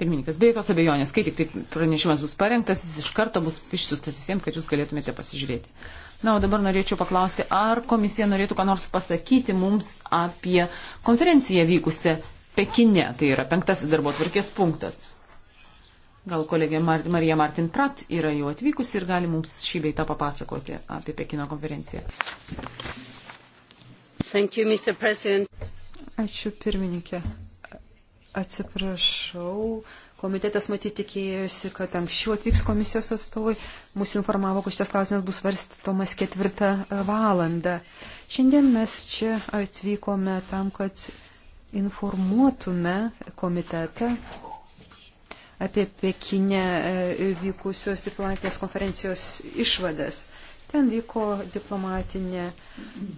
Pirmininkas, be jokios abejonės, kai tik tai pranešimas bus parengtas, jis iš karto bus išsiustas visiems, kad jūs galėtumėte pasižiūrėti. Na, o dabar norėčiau paklausti, ar komisija norėtų ką nors pasakyti mums apie konferenciją vykusią Pekine, tai yra penktasis darbo tvarkės punktas. Gal kolegė Marija Martin Prat yra jau atvykusi ir gali mums šį beitą papasakoti apie Pekino konferenciją. Thank you, Mr. President. Ačiū pirmininkė. Atsiprašau. Komitetas matyti tikėjosi, kad anksčiau atvyks komisijos atstovai. Mūsų informavo, kad šitas klausimas bus svarstomas ketvirtą valandą. Šiandien mes čia atvykome tam, kad informuotume komitetą apie Pekinę e, vykusios diplomatinės konferencijos išvadas. Ten vyko diplomatinė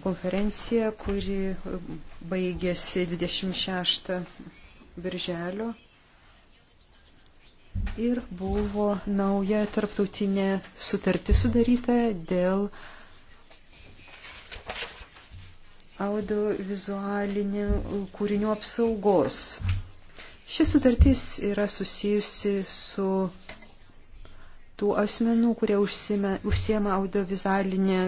konferencija, kuri baigėsi 26 birželio ir buvo nauja tarptautinė sutartis sudaryta dėl audiovizualinių kūrinių apsaugos. Ši sutartis yra susijusi su tų asmenų, kurie užsime, užsiema audiovizualinę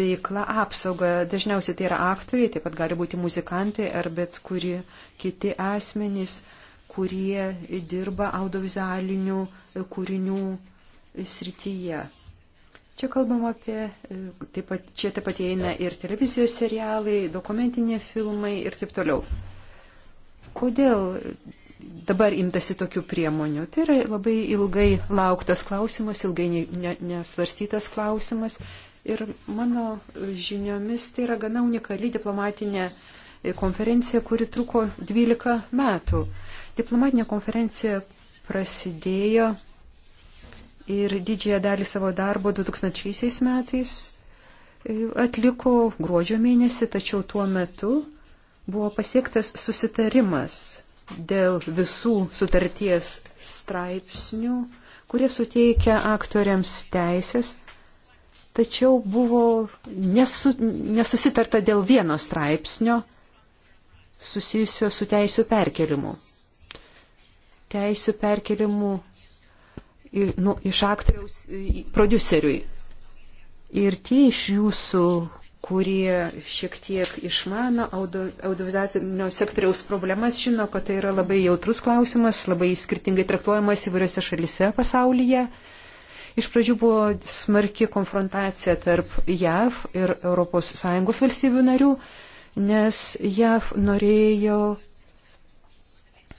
veiklą apsaugą. Dažniausiai tai yra aktoriai, taip pat gali būti muzikantai ar bet kurie kiti asmenys, kurie dirba audiovizualinių kūrinių srityje. Čia kalbam apie, taip pat, čia taip pat įeina ir televizijos serialai, dokumentiniai filmai ir taip toliau. Kodėl dabar imtasi tokių priemonių? Tai yra labai ilgai lauktas klausimas, ilgai nesvarstytas klausimas. Ir mano žiniomis tai yra gana unikali diplomatinė konferencija, kuri truko 12 metų. Diplomatinė konferencija prasidėjo ir didžiąją dalį savo darbo 2000 metais atliko gruodžio mėnesį, tačiau tuo metu buvo pasiektas susitarimas dėl visų sutarties straipsnių, kurie suteikia aktoriams teisės, tačiau buvo nesu, nesusitarta dėl vieno straipsnio susijusio su teisų perkelimu. Teisų perkelimu nu, iš aktoriaus prodiuseriui. Ir tie iš jūsų, kurie šiek tiek išmano audio, audiovizuacinio sektoriaus problemas, žino, kad tai yra labai jautrus klausimas, labai skirtingai traktuojamas įvairiose šalise pasaulyje. Iš pradžių buvo smarki konfrontacija tarp JAV ir ES valstybių narių, nes JAV norėjo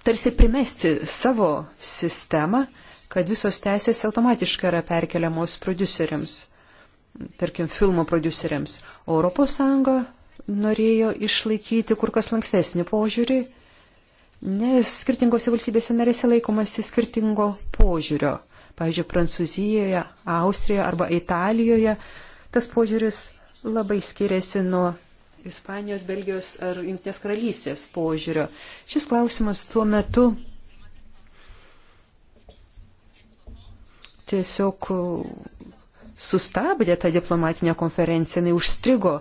tarsi primesti savo sistemą, kad visos teisės automatiškai yra perkeliamos produceriams tarkim, filmo produceriams. O ES norėjo išlaikyti kur kas lankstesnį požiūrį, nes skirtingose valstybėse narėse laikomasi skirtingo požiūrio. Pavyzdžiui, Prancūzijoje, Austrijoje arba Italijoje tas požiūris labai skiriasi nuo Ispanijos, Belgijos ar Junktinės karalystės požiūrio. Šis klausimas tuo metu tiesiog sustabdė tą diplomatinę konferenciją, jinai užstrigo,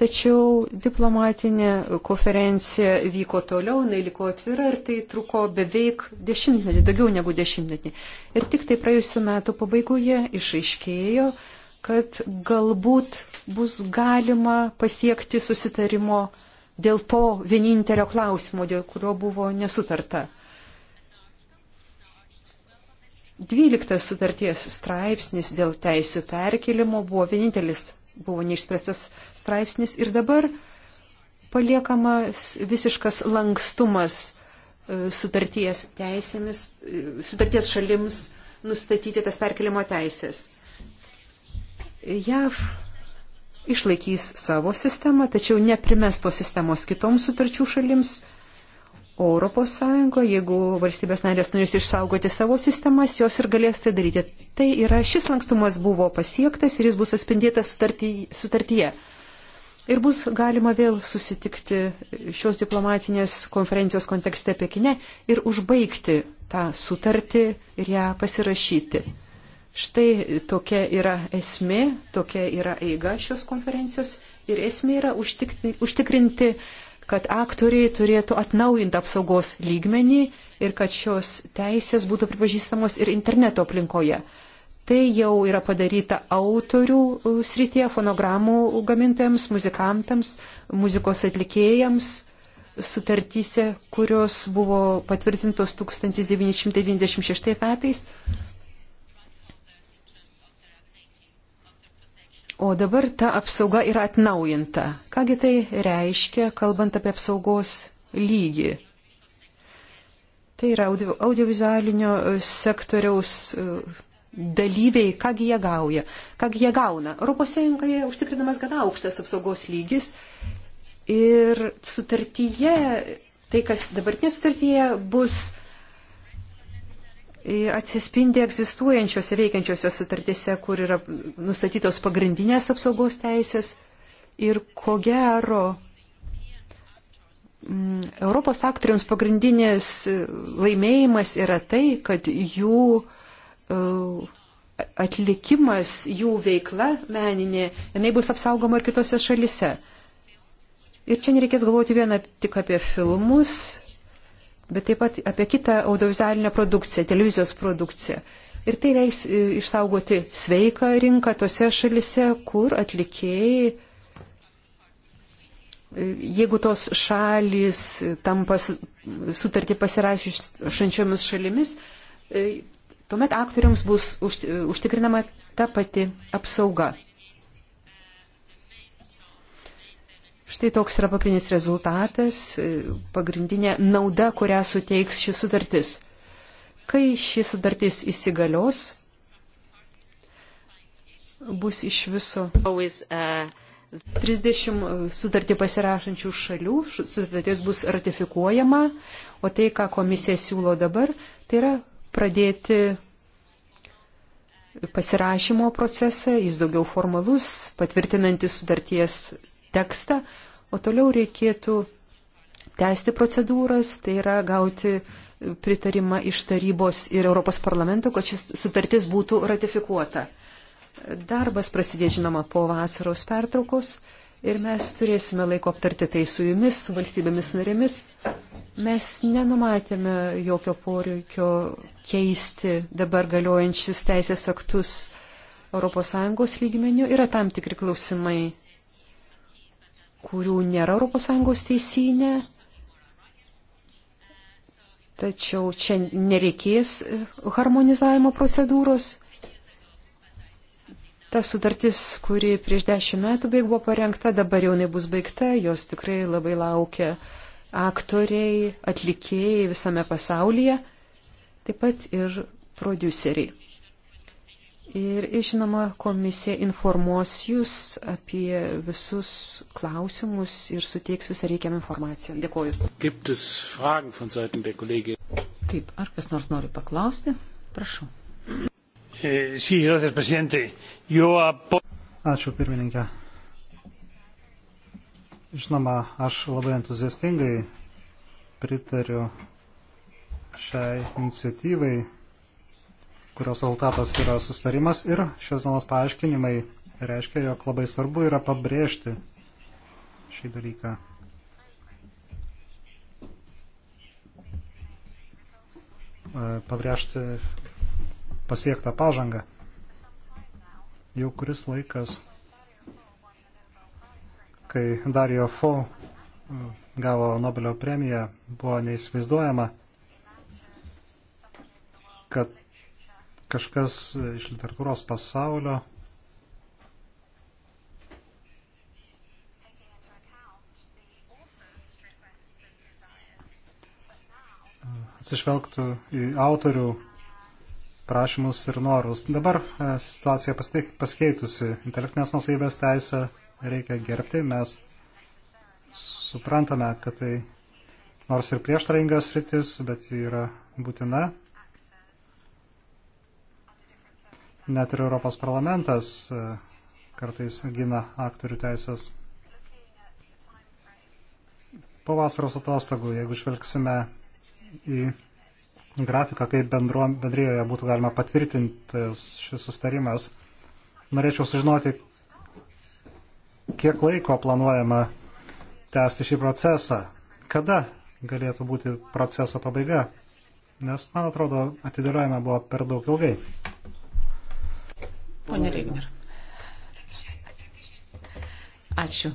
tačiau diplomatinė konferencija vyko toliau, jinai liko atvira ir tai truko beveik dešimtmetį, daugiau negu dešimtmetį. Ir tik tai praėjusiu metu pabaigoje išaiškėjo, kad galbūt bus galima pasiekti susitarimo dėl to vienintelio klausimo, dėl kurio buvo nesutarta. 12 sutarties straipsnis dėl teisų perkelimo buvo vienintelis, buvo neišspręstas straipsnis ir dabar paliekamas visiškas lankstumas e, sutarties teisėmis, e, sutarties šalims nustatyti tas perkelimo teisės. JAV išlaikys savo sistemą, tačiau neprimes tos sistemos kitoms sutarčių šalims O Europos Sąjungoje, jeigu valstybės narės norės išsaugoti savo sistemas, jos ir galės tai daryti. Tai yra, šis lankstumas buvo pasiektas ir jis bus atspindėtas sutartyje. Ir bus galima vėl susitikti šios diplomatinės konferencijos kontekste Pekine ir užbaigti tą sutartį ir ją pasirašyti. Štai tokia yra esmė, tokia yra eiga šios konferencijos ir esmė yra užtikrinti, užtikrinti kad aktoriai turėtų atnaujintą apsaugos lygmenį ir kad šios teisės būtų pripažįstamos ir interneto aplinkoje. Tai jau yra padaryta autorių srityje, fonogramų gamintojams, muzikantams, muzikos atlikėjams sutartyse, kurios buvo patvirtintos 1996 metais. O dabar ta apsauga yra atnaujinta. Kągi tai reiškia, kalbant apie apsaugos lygį? Tai yra audio, audiovizualinio e, sektoriaus e, dalyviai, kągi jie gauja, kągi jie gauna. Europos Sąjungoje užtikrinamas gana aukštas apsaugos lygis ir sutartyje, tai kas dabartinė sutartyje bus atsispindi egzistuojančiose veikiančiose sutartise, kur yra nustatytos pagrindinės apsaugos teisės ir ko gero mm, Europos aktoriams pagrindinis laimėjimas yra tai, kad jų e, atlikimas, jų veikla meninė, jinai bus apsaugoma ir kitose šalise. Ir čia nereikės galvoti vieną tik apie filmus, bet taip pat apie kitą audiovizualinę produkciją, televizijos produkciją. Ir tai leis e, išsaugoti sveiką rinką tose šalise, kur atlikėjai, e, jeigu tos šalis tampa sutartį pasirašančiomis šalimis, e, tuomet aktoriams bus užtikrinama ta pati apsauga. Štai toks yra pagrindinis rezultatas, e, pagrindinė nauda, kurią suteiks ši sutartis. Kai ši sutartis įsigalios, bus iš viso 30 uh, e, sutartį pasirašančių šalių, sutartis bus ratifikuojama, o tai, ką komisija siūlo dabar, tai yra pradėti pasirašymo procesą, jis daugiau formalus, patvirtinantis sudarties tekstą, o toliau reikėtų tęsti procedūras, tai yra gauti pritarimą iš tarybos ir Europos parlamento, kad šis sutartis būtų ratifikuota. Darbas prasidės, žinoma, po vasaros pertraukos ir mes turėsime laiko aptarti tai su jumis, su valstybėmis narėmis. Mes nenumatėme jokio poreikio keisti dabar galiojančius teisės aktus ES lygmenių. Yra tam tikri klausimai, kurių nėra ES teisinė. Tačiau čia nereikės e, harmonizavimo procedūros. Ta sutartis, kuri prieš dešimt metų beig buvo parengta, dabar jau nebus baigta, jos tikrai labai laukia aktoriai, atlikėjai visame pasaulyje, taip pat ir produceriai. Ir žinoma, komisija informuos jūs apie visus klausimus ir suteiks visą reikiamą informaciją. Dėkuoju. Taip, ar kas nors nori paklausti? Prašau. Eh, Ačiū, pirmininkė. Žinoma, aš labai entuziastingai pritariu šiai iniciatyvai kurios rezultatas yra sustarimas ir šios dienos paaiškinimai reiškia, jog labai svarbu yra pabrėžti šį dalyką. E, pabrėžti pasiektą pažangą. Jau kuris laikas, kai Dario Fo e, gavo Nobelio premiją, buvo neįsivaizduojama, kad kažkas iš literatūros pasaulio atsižvelgtų į autorių prašymus ir norus. Dabar e, situacija pasikeitusi. Intelektinės nusavybės teisę reikia gerbti. Mes suprantame, kad tai nors ir prieštaringas rytis, bet ji yra būtina. Net ir Europos parlamentas e, kartais gina aktorių teisės. Po vasaros atostogų, jeigu žvelgsime į grafiką, kaip bendruo, bendrijoje būtų galima patvirtinti e, šis sustarimas, norėčiau sužinoti, kiek laiko planuojama tęsti šį procesą, kada galėtų būti proceso pabaiga, nes, man atrodo, atidėliojama buvo per daug ilgai. Pone Regner. Ačiū.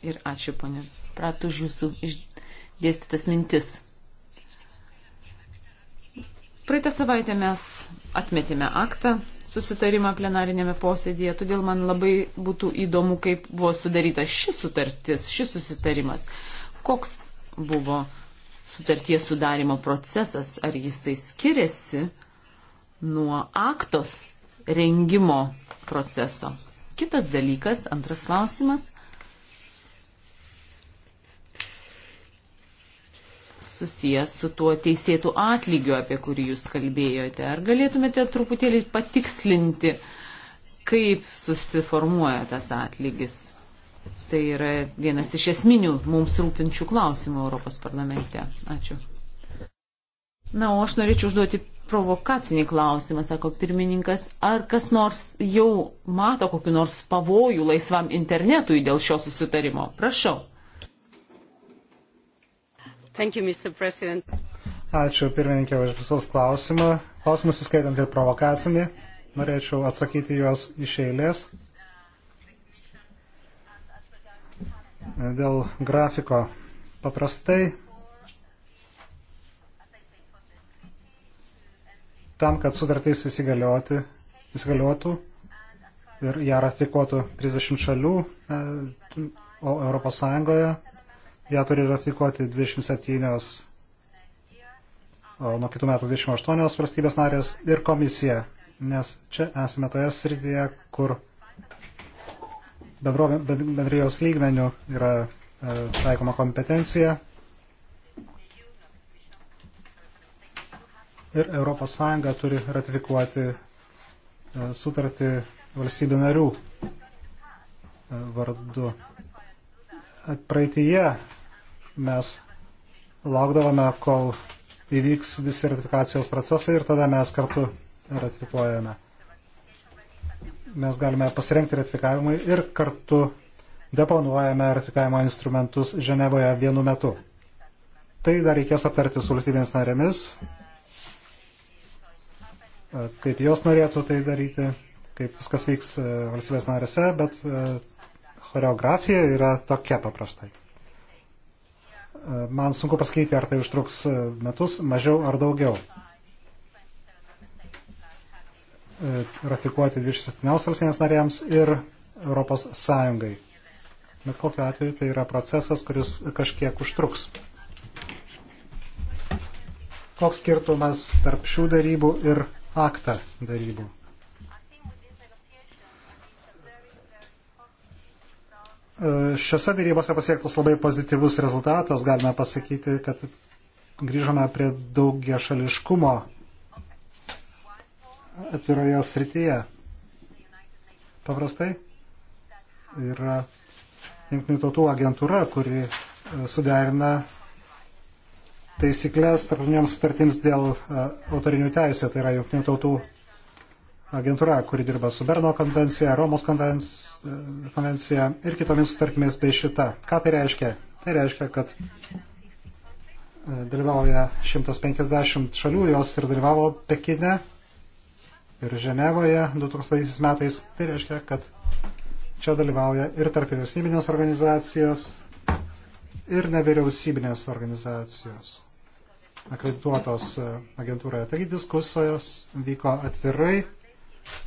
Ir ačiū, ponė Prat, už jūsų išdėstytas mintis. Praeitą savaitę mes atmetėme aktą susitarimą plenarinėme posėdėje, todėl man labai būtų įdomu, kaip buvo sudaryta ši sutartis, šis susitarimas. Koks buvo sutarties sudarimo procesas, ar jisai skiriasi nuo aktos rengimo proceso. Kitas dalykas, antras klausimas, susijęs su tuo teisėtų atlygiu, apie kurį jūs kalbėjote. Ar galėtumėte truputėlį patikslinti, kaip susiformuoja tas atlygis? Tai yra vienas iš esminių mums rūpinčių klausimų Europos parlamente. Ačiū. Na, o aš norėčiau užduoti provokacinį klausimą, sako pirmininkas, ar kas nors jau mato kokiu nors pavojų laisvam internetui dėl šio susitarimo? Prašau. Thank you, Ačiū pirmininkė už visus klausimą. klausimus, įskaitant ir provokacinį. Norėčiau atsakyti juos iš eilės. Dėl grafiko paprastai tam, kad sutartys įsigaliotų ir ją ratifikuotų 30 šalių, e, o Europos Sąjungoje ją turi ratifikuoti 27, o nuo kitų metų 28 valstybės narės ir komisija, nes čia esame toje srityje, kur bendrijos lygmenių yra e, taikoma kompetencija ir ES turi ratifikuoti e, sutartį valstybių narių e, vardu. Praeitįje mes laukdavome, kol įvyks visi ratifikacijos procesai ir tada mes kartu ratifikuojame. Mes galime pasirengti ratifikavimui ir kartu deponuojame ratifikavimo instrumentus Ženevoje vienu metu. Tai dar reikės aptarti su valstybėmis narėmis, kaip jos norėtų tai daryti, kaip viskas vyks e, valstybės narėse, bet e, choreografija yra tokia paprastai. E, man sunku pasakyti, ar tai užtruks metus, mažiau ar daugiau. Ratifikuoti 27 valstybės narėms ir Europos Sąjungai. Bet kokiu atveju tai yra procesas, kuris kažkiek užtruks. Koks skirtumas tarp šių darybų ir aktą darybų. E, Šiuose darybose pasiektas labai pozityvus rezultatas, galime pasakyti, kad grįžome prie daugia šališkumo atviroje srityje. Paprastai yra Junktinių tautų agentūra, kuri e, suderina taisyklės tarptautinėms sutartims dėl e, autorinių teisė, tai yra jungtinių tautų agentūra, kuri dirba su Berno konvencija, Romos e, konvencija ir kitomis sutartimis bei šita. Ką tai reiškia? Tai reiškia, kad e, dalyvauja 150 šalių, jos ir dalyvavo Pekine ir Ženevoje 2000 metais. Tai reiškia, kad čia dalyvauja ir tarp vyriausybinės organizacijos, ir nevyriausybinės organizacijos akredituotos e, agentūroje. Taigi diskusijos vyko atvirai,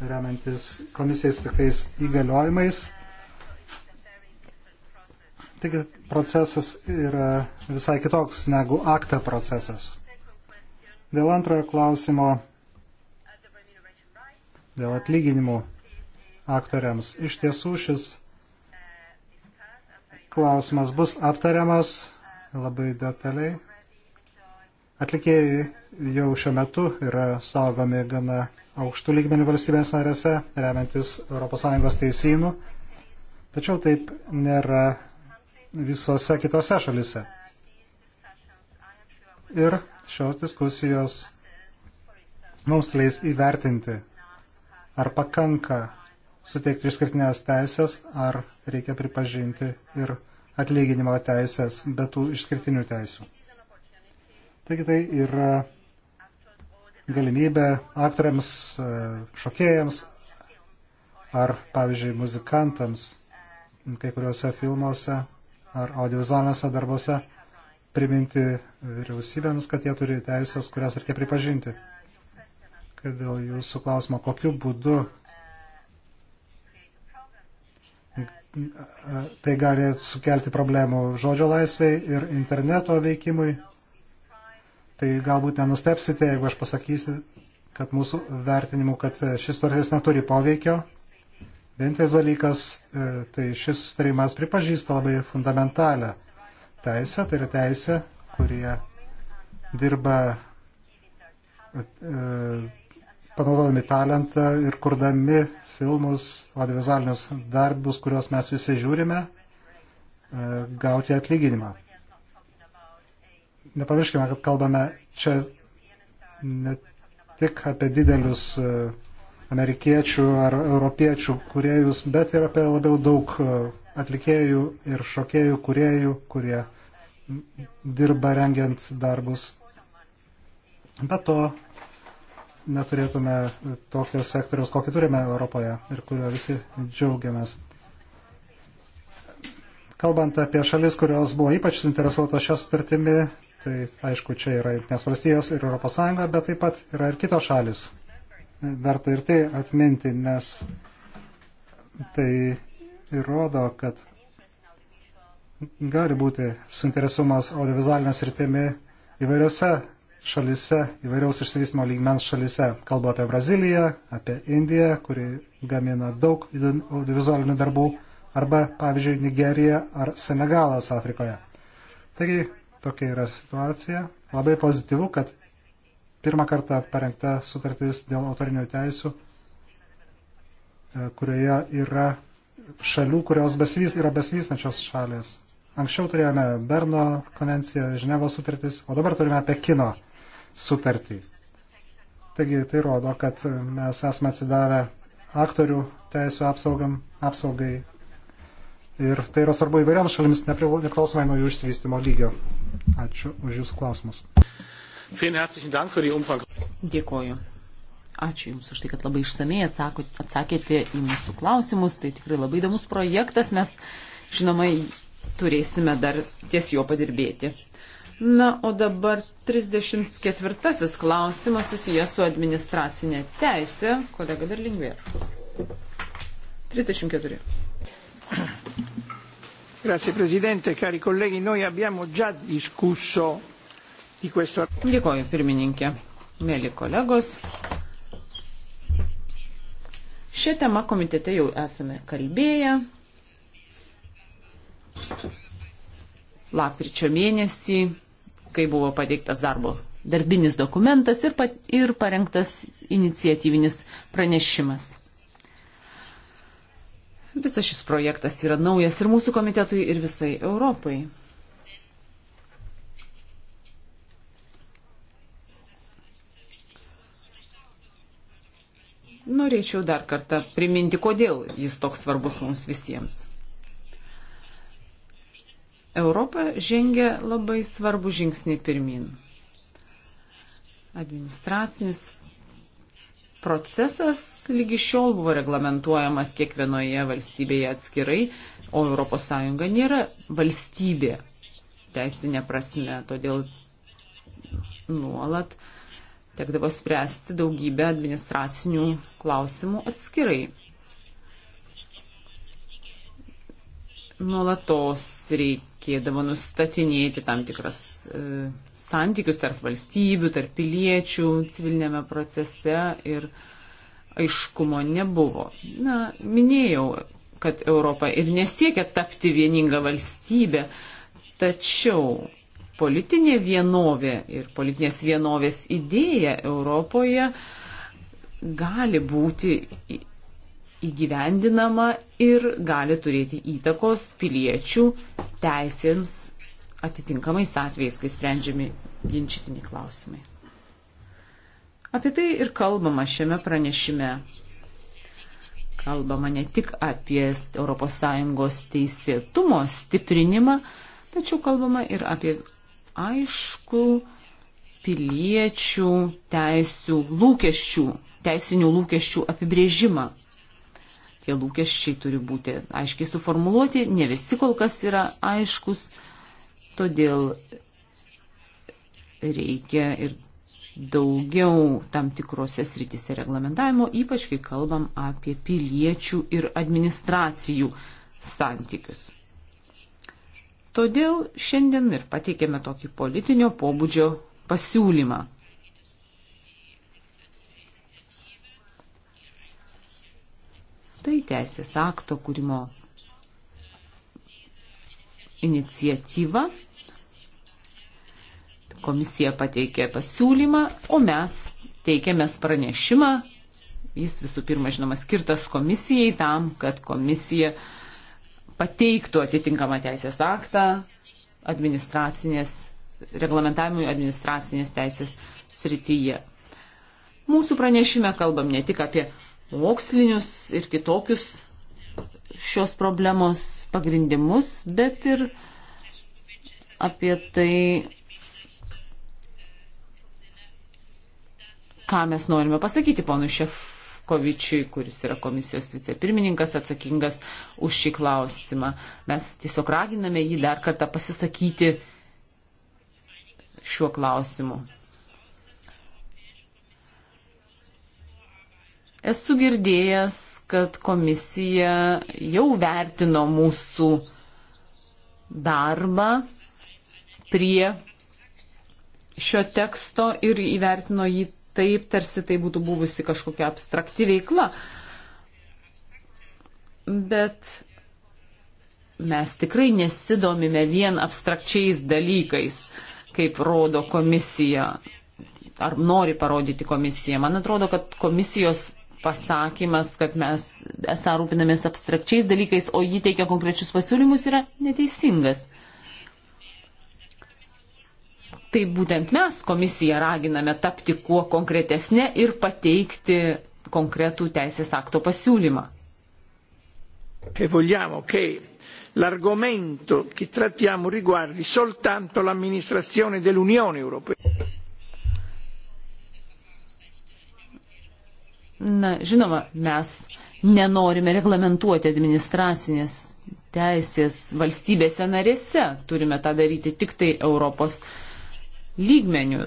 remiantis komisijais tiktais įgaliojimais. Taigi procesas yra visai kitoks negu akta procesas. Dėl antrojo klausimo, dėl atlyginimų aktoriams. Iš tiesų šis klausimas bus aptariamas labai detaliai. Atlikėjai jau šiuo metu yra saugomi gana aukštų lygmenių valstybės narėse, remiantis ES teisynų, tačiau taip nėra visose kitose šalise. Ir šios diskusijos mums leis įvertinti, ar pakanka suteikti išskirtinės teisės, ar reikia pripažinti ir atlyginimo teisės, bet tų išskirtinių teisų. Taigi tai yra galimybė aktoriams, e, šokėjams ar, pavyzdžiui, muzikantams kai kuriuose filmuose ar audiovizualiniuose darbuose priminti vyriausybėms, kad jie turi teisės, kurias reikia pripažinti. Kad dėl jūsų klausimo, kokiu būdu tai gali sukelti problemų žodžio laisviai ir interneto veikimui. Tai galbūt nenustepsite, jeigu aš pasakysiu, kad mūsų vertinimu, kad šis sutartis neturi poveikio. Vienintelis dalykas, e, tai šis sustarimas pripažįsta labai fundamentalią teisę, tai yra teisė, kurie dirba e, panaudodami talentą ir kurdami filmus, audiovizualinius darbus, kuriuos mes visi žiūrime, e, gauti atlyginimą. Nepamirškime, kad kalbame čia ne tik apie didelius e, amerikiečių ar europiečių kuriejus, bet ir apie labiau daug e, atlikėjų ir šokėjų kuriejų, kurie dirba rengiant darbus. Be to, neturėtume tokio sektoriaus, kokį turime Europoje ir kurio visi džiaugiamės. Kalbant apie šalis, kurios buvo ypač suinteresuotos šią sutartimi, tai aišku, čia yra Junktinės valstijos ir ES, bet taip pat yra ir kitos šalis. Verta ir tai atminti, nes tai įrodo, kad gali būti suinteresumas audiovizualinės rytimi įvairiose šalise, įvairiaus išsivystimo lygmens šalise. Kalbu apie Braziliją, apie Indiją, kuri gamina daug audiovizualinių darbų, arba, pavyzdžiui, Nigerija ar Senegalas Afrikoje. Taigi, tokia yra situacija. Labai pozityvu, kad pirmą kartą parengta sutartis dėl autorinių teisų, e, kurioje yra šalių, kurios besvys, yra besvystančios šalės. Anksčiau turėjome Berno konvenciją, Ženevos sutartis, o dabar turime Pekino sutartį. Taigi tai rodo, kad mes esame atsidavę aktorių teisų apsaugam, apsaugai. Ir tai yra svarbu įvairiams šalims, nepriklausomai nuo jų išsivystimo lygio. Ačiū už Jūsų klausimus. Dėkoju. Ačiū Jums už tai, kad labai išsamei atsakėte į mūsų klausimus. Tai tikrai labai įdomus projektas. Mes, žinoma, turėsime dar ties jo padirbėti. Na, o dabar 34 klausimas susijęs su administracinė teisė. Kolega Berlingvė. 34. Grazie Presidente, cari colleghi, noi abbiamo già discusso di questo. Dėkoju, pirmininkė, mėly kolegos. Šią temą komitete jau esame kalbėję. Lapkričio mėnesį kai buvo pateiktas darbo darbinis dokumentas ir, pat, ir parengtas iniciatyvinis pranešimas. Visas šis projektas yra naujas ir mūsų komitetui, ir visai Europai. Norėčiau dar kartą priminti, kodėl jis toks svarbus mums visiems. Europa žengia labai svarbų žingsnį pirmin. Administracinis procesas lygi šiol buvo reglamentuojamas kiekvienoje valstybėje atskirai, o ES nėra valstybė teisinė prasme, todėl nuolat tekdavo spręsti daugybę administracinių klausimų atskirai. Nuolatos reikia reikėdavo nustatinėti tam tikras e, santykius tarp valstybių, tarp piliečių civilinėme procese ir aiškumo nebuvo. Na, minėjau, kad Europa ir nesiekia tapti vieninga valstybė, tačiau politinė vienovė ir politinės vienovės idėja Europoje gali būti įgyvendinama ir gali turėti įtakos piliečių teisėms atitinkamais atvejais, kai sprendžiami ginčytini klausimai. Apie tai ir kalbama šiame pranešime. Kalbama ne tik apie ES teisėtumo stiprinimą, tačiau kalbama ir apie aišku piliečių teisių lūkesčių, teisinių lūkesčių apibrėžimą tie lūkesčiai turi būti aiškiai suformuluoti, ne visi kol kas yra aiškus, todėl reikia ir daugiau tam tikrose srityse reglamentavimo, ypač kai kalbam apie piliečių ir administracijų santykius. Todėl šiandien ir pateikėme tokį politinio pobūdžio pasiūlymą. apskritai teisės akto kūrimo iniciatyva. Komisija pateikė pasiūlymą, o mes teikėmės pranešimą. Jis visų pirma, žinoma, skirtas komisijai tam, kad komisija pateiktų atitinkamą teisės aktą administracinės, reglamentavimui administracinės teisės srityje. Mūsų pranešime kalbam ne tik apie mokslinius ir kitokius šios problemos pagrindimus, bet ir apie tai, ką mes norime pasakyti ponui Šefkovičiui, kuris yra komisijos vicepirmininkas atsakingas už šį klausimą. Mes tiesiog raginame jį dar kartą pasisakyti šiuo klausimu. Esu girdėjęs, kad komisija jau vertino mūsų darbą prie šio teksto ir įvertino jį taip, tarsi tai būtų buvusi kažkokia abstrakti veikla. Bet mes tikrai nesidomime vien abstrakčiais dalykais, kaip rodo komisija, ar nori parodyti komisija. Man atrodo, kad komisijos pasakymas, kad mes esą rūpinamės abstrakčiais dalykais, o ji teikia konkrečius pasiūlymus, yra neteisingas. Tai būtent mes komisiją raginame tapti kuo konkretesnė ir pateikti konkretų teisės akto pasiūlymą. Che vogliamo che l'argomento che trattiamo riguardi soltanto l'amministrazione dell'Unione Europea. Na, žinoma, mes nenorime reglamentuoti administracinės teisės valstybėse narėse. Turime tą daryti tik tai Europos lygmenių.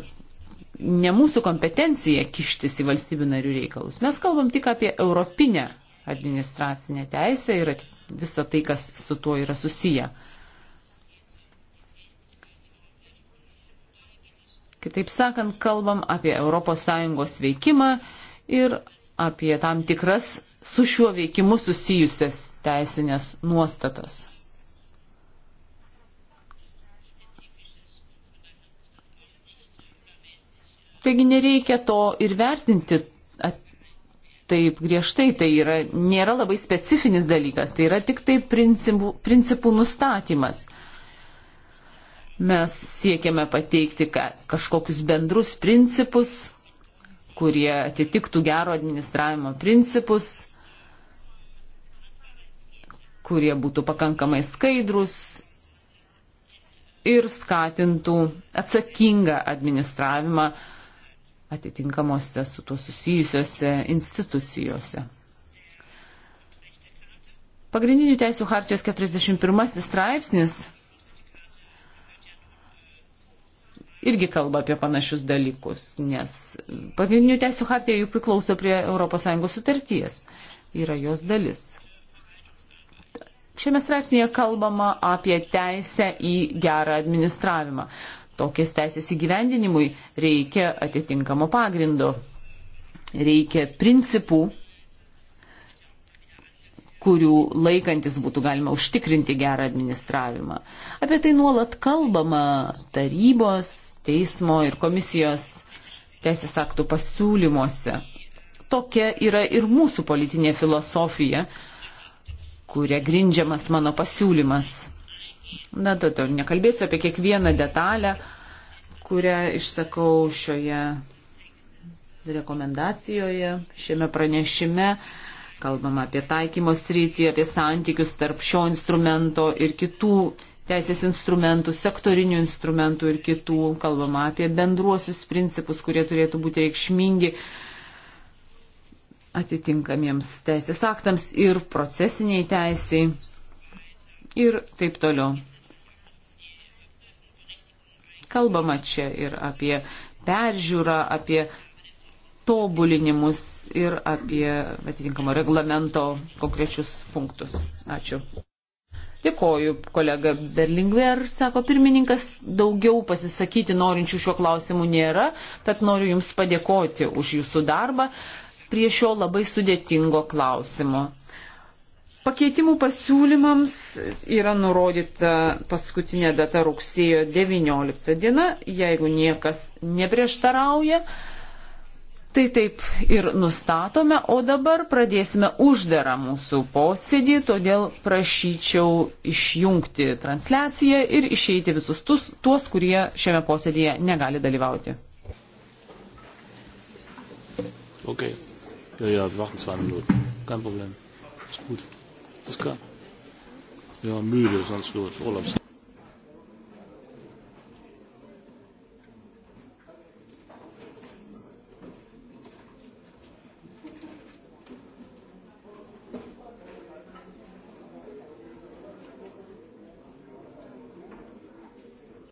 Ne mūsų kompetencija kištis į valstybių narių reikalus. Mes kalbam tik apie europinę administracinę teisę ir visą tai, kas su tuo yra susiję. Kitaip sakant, kalbam apie ES veikimą ir apie tam tikras su šiuo veikimu susijusias teisinės nuostatas. Taigi nereikia to ir vertinti taip griežtai, tai yra, nėra labai specifinis dalykas, tai yra tik tai principų, principų nustatymas. Mes siekiame pateikti kažkokius bendrus principus, kurie atitiktų gero administravimo principus, kurie būtų pakankamai skaidrus ir skatintų atsakingą administravimą atitinkamose su tuo susijusiose institucijose. Pagrindinių teisų hartijos 41 straipsnis irgi kalba apie panašius dalykus, nes pagrindinių teisų hartija juk priklauso prie ES sutarties, yra jos dalis. Šiame straipsnėje kalbama apie teisę į gerą administravimą. Tokias teisės įgyvendinimui reikia atitinkamo pagrindo, reikia principų, kurių laikantis būtų galima užtikrinti gerą administravimą. Apie tai nuolat kalbama tarybos teismo ir komisijos teisės aktų pasiūlymuose. Tokia yra ir mūsų politinė filosofija, kuria grindžiamas mano pasiūlymas. Na, todėl nekalbėsiu apie kiekvieną detalę, kurią išsakau šioje rekomendacijoje, šiame pranešime. Kalbama apie taikymo sritį, apie santykius tarp šio instrumento ir kitų teisės instrumentų, sektorinių instrumentų ir kitų, kalbama apie bendruosius principus, kurie turėtų būti reikšmingi atitinkamiems teisės aktams ir procesiniai teisiai ir taip toliau. Kalbama čia ir apie peržiūrą, apie tobulinimus ir apie atitinkamo reglamento konkrečius punktus. Ačiū. Dėkoju, kolega Berlingver, sako pirmininkas, daugiau pasisakyti norinčių šiuo klausimu nėra, tad noriu Jums padėkoti už Jūsų darbą prie šio labai sudėtingo klausimo. Pakeitimų pasiūlymams yra nurodyta paskutinė data rugsėjo 19 diena, jeigu niekas neprieštarauja. Tai taip ir nustatome, o dabar pradėsime uždarą mūsų posėdį, todėl prašyčiau išjungti transliaciją ir išeiti visus tus, tuos, kurie šiame posėdėje negali dalyvauti. Okay. Ja, ja, wir warten zwei Minuten. Kein Problem. Ist gut. Ist klar. Ja, müde, sonst gut. Urlaubs.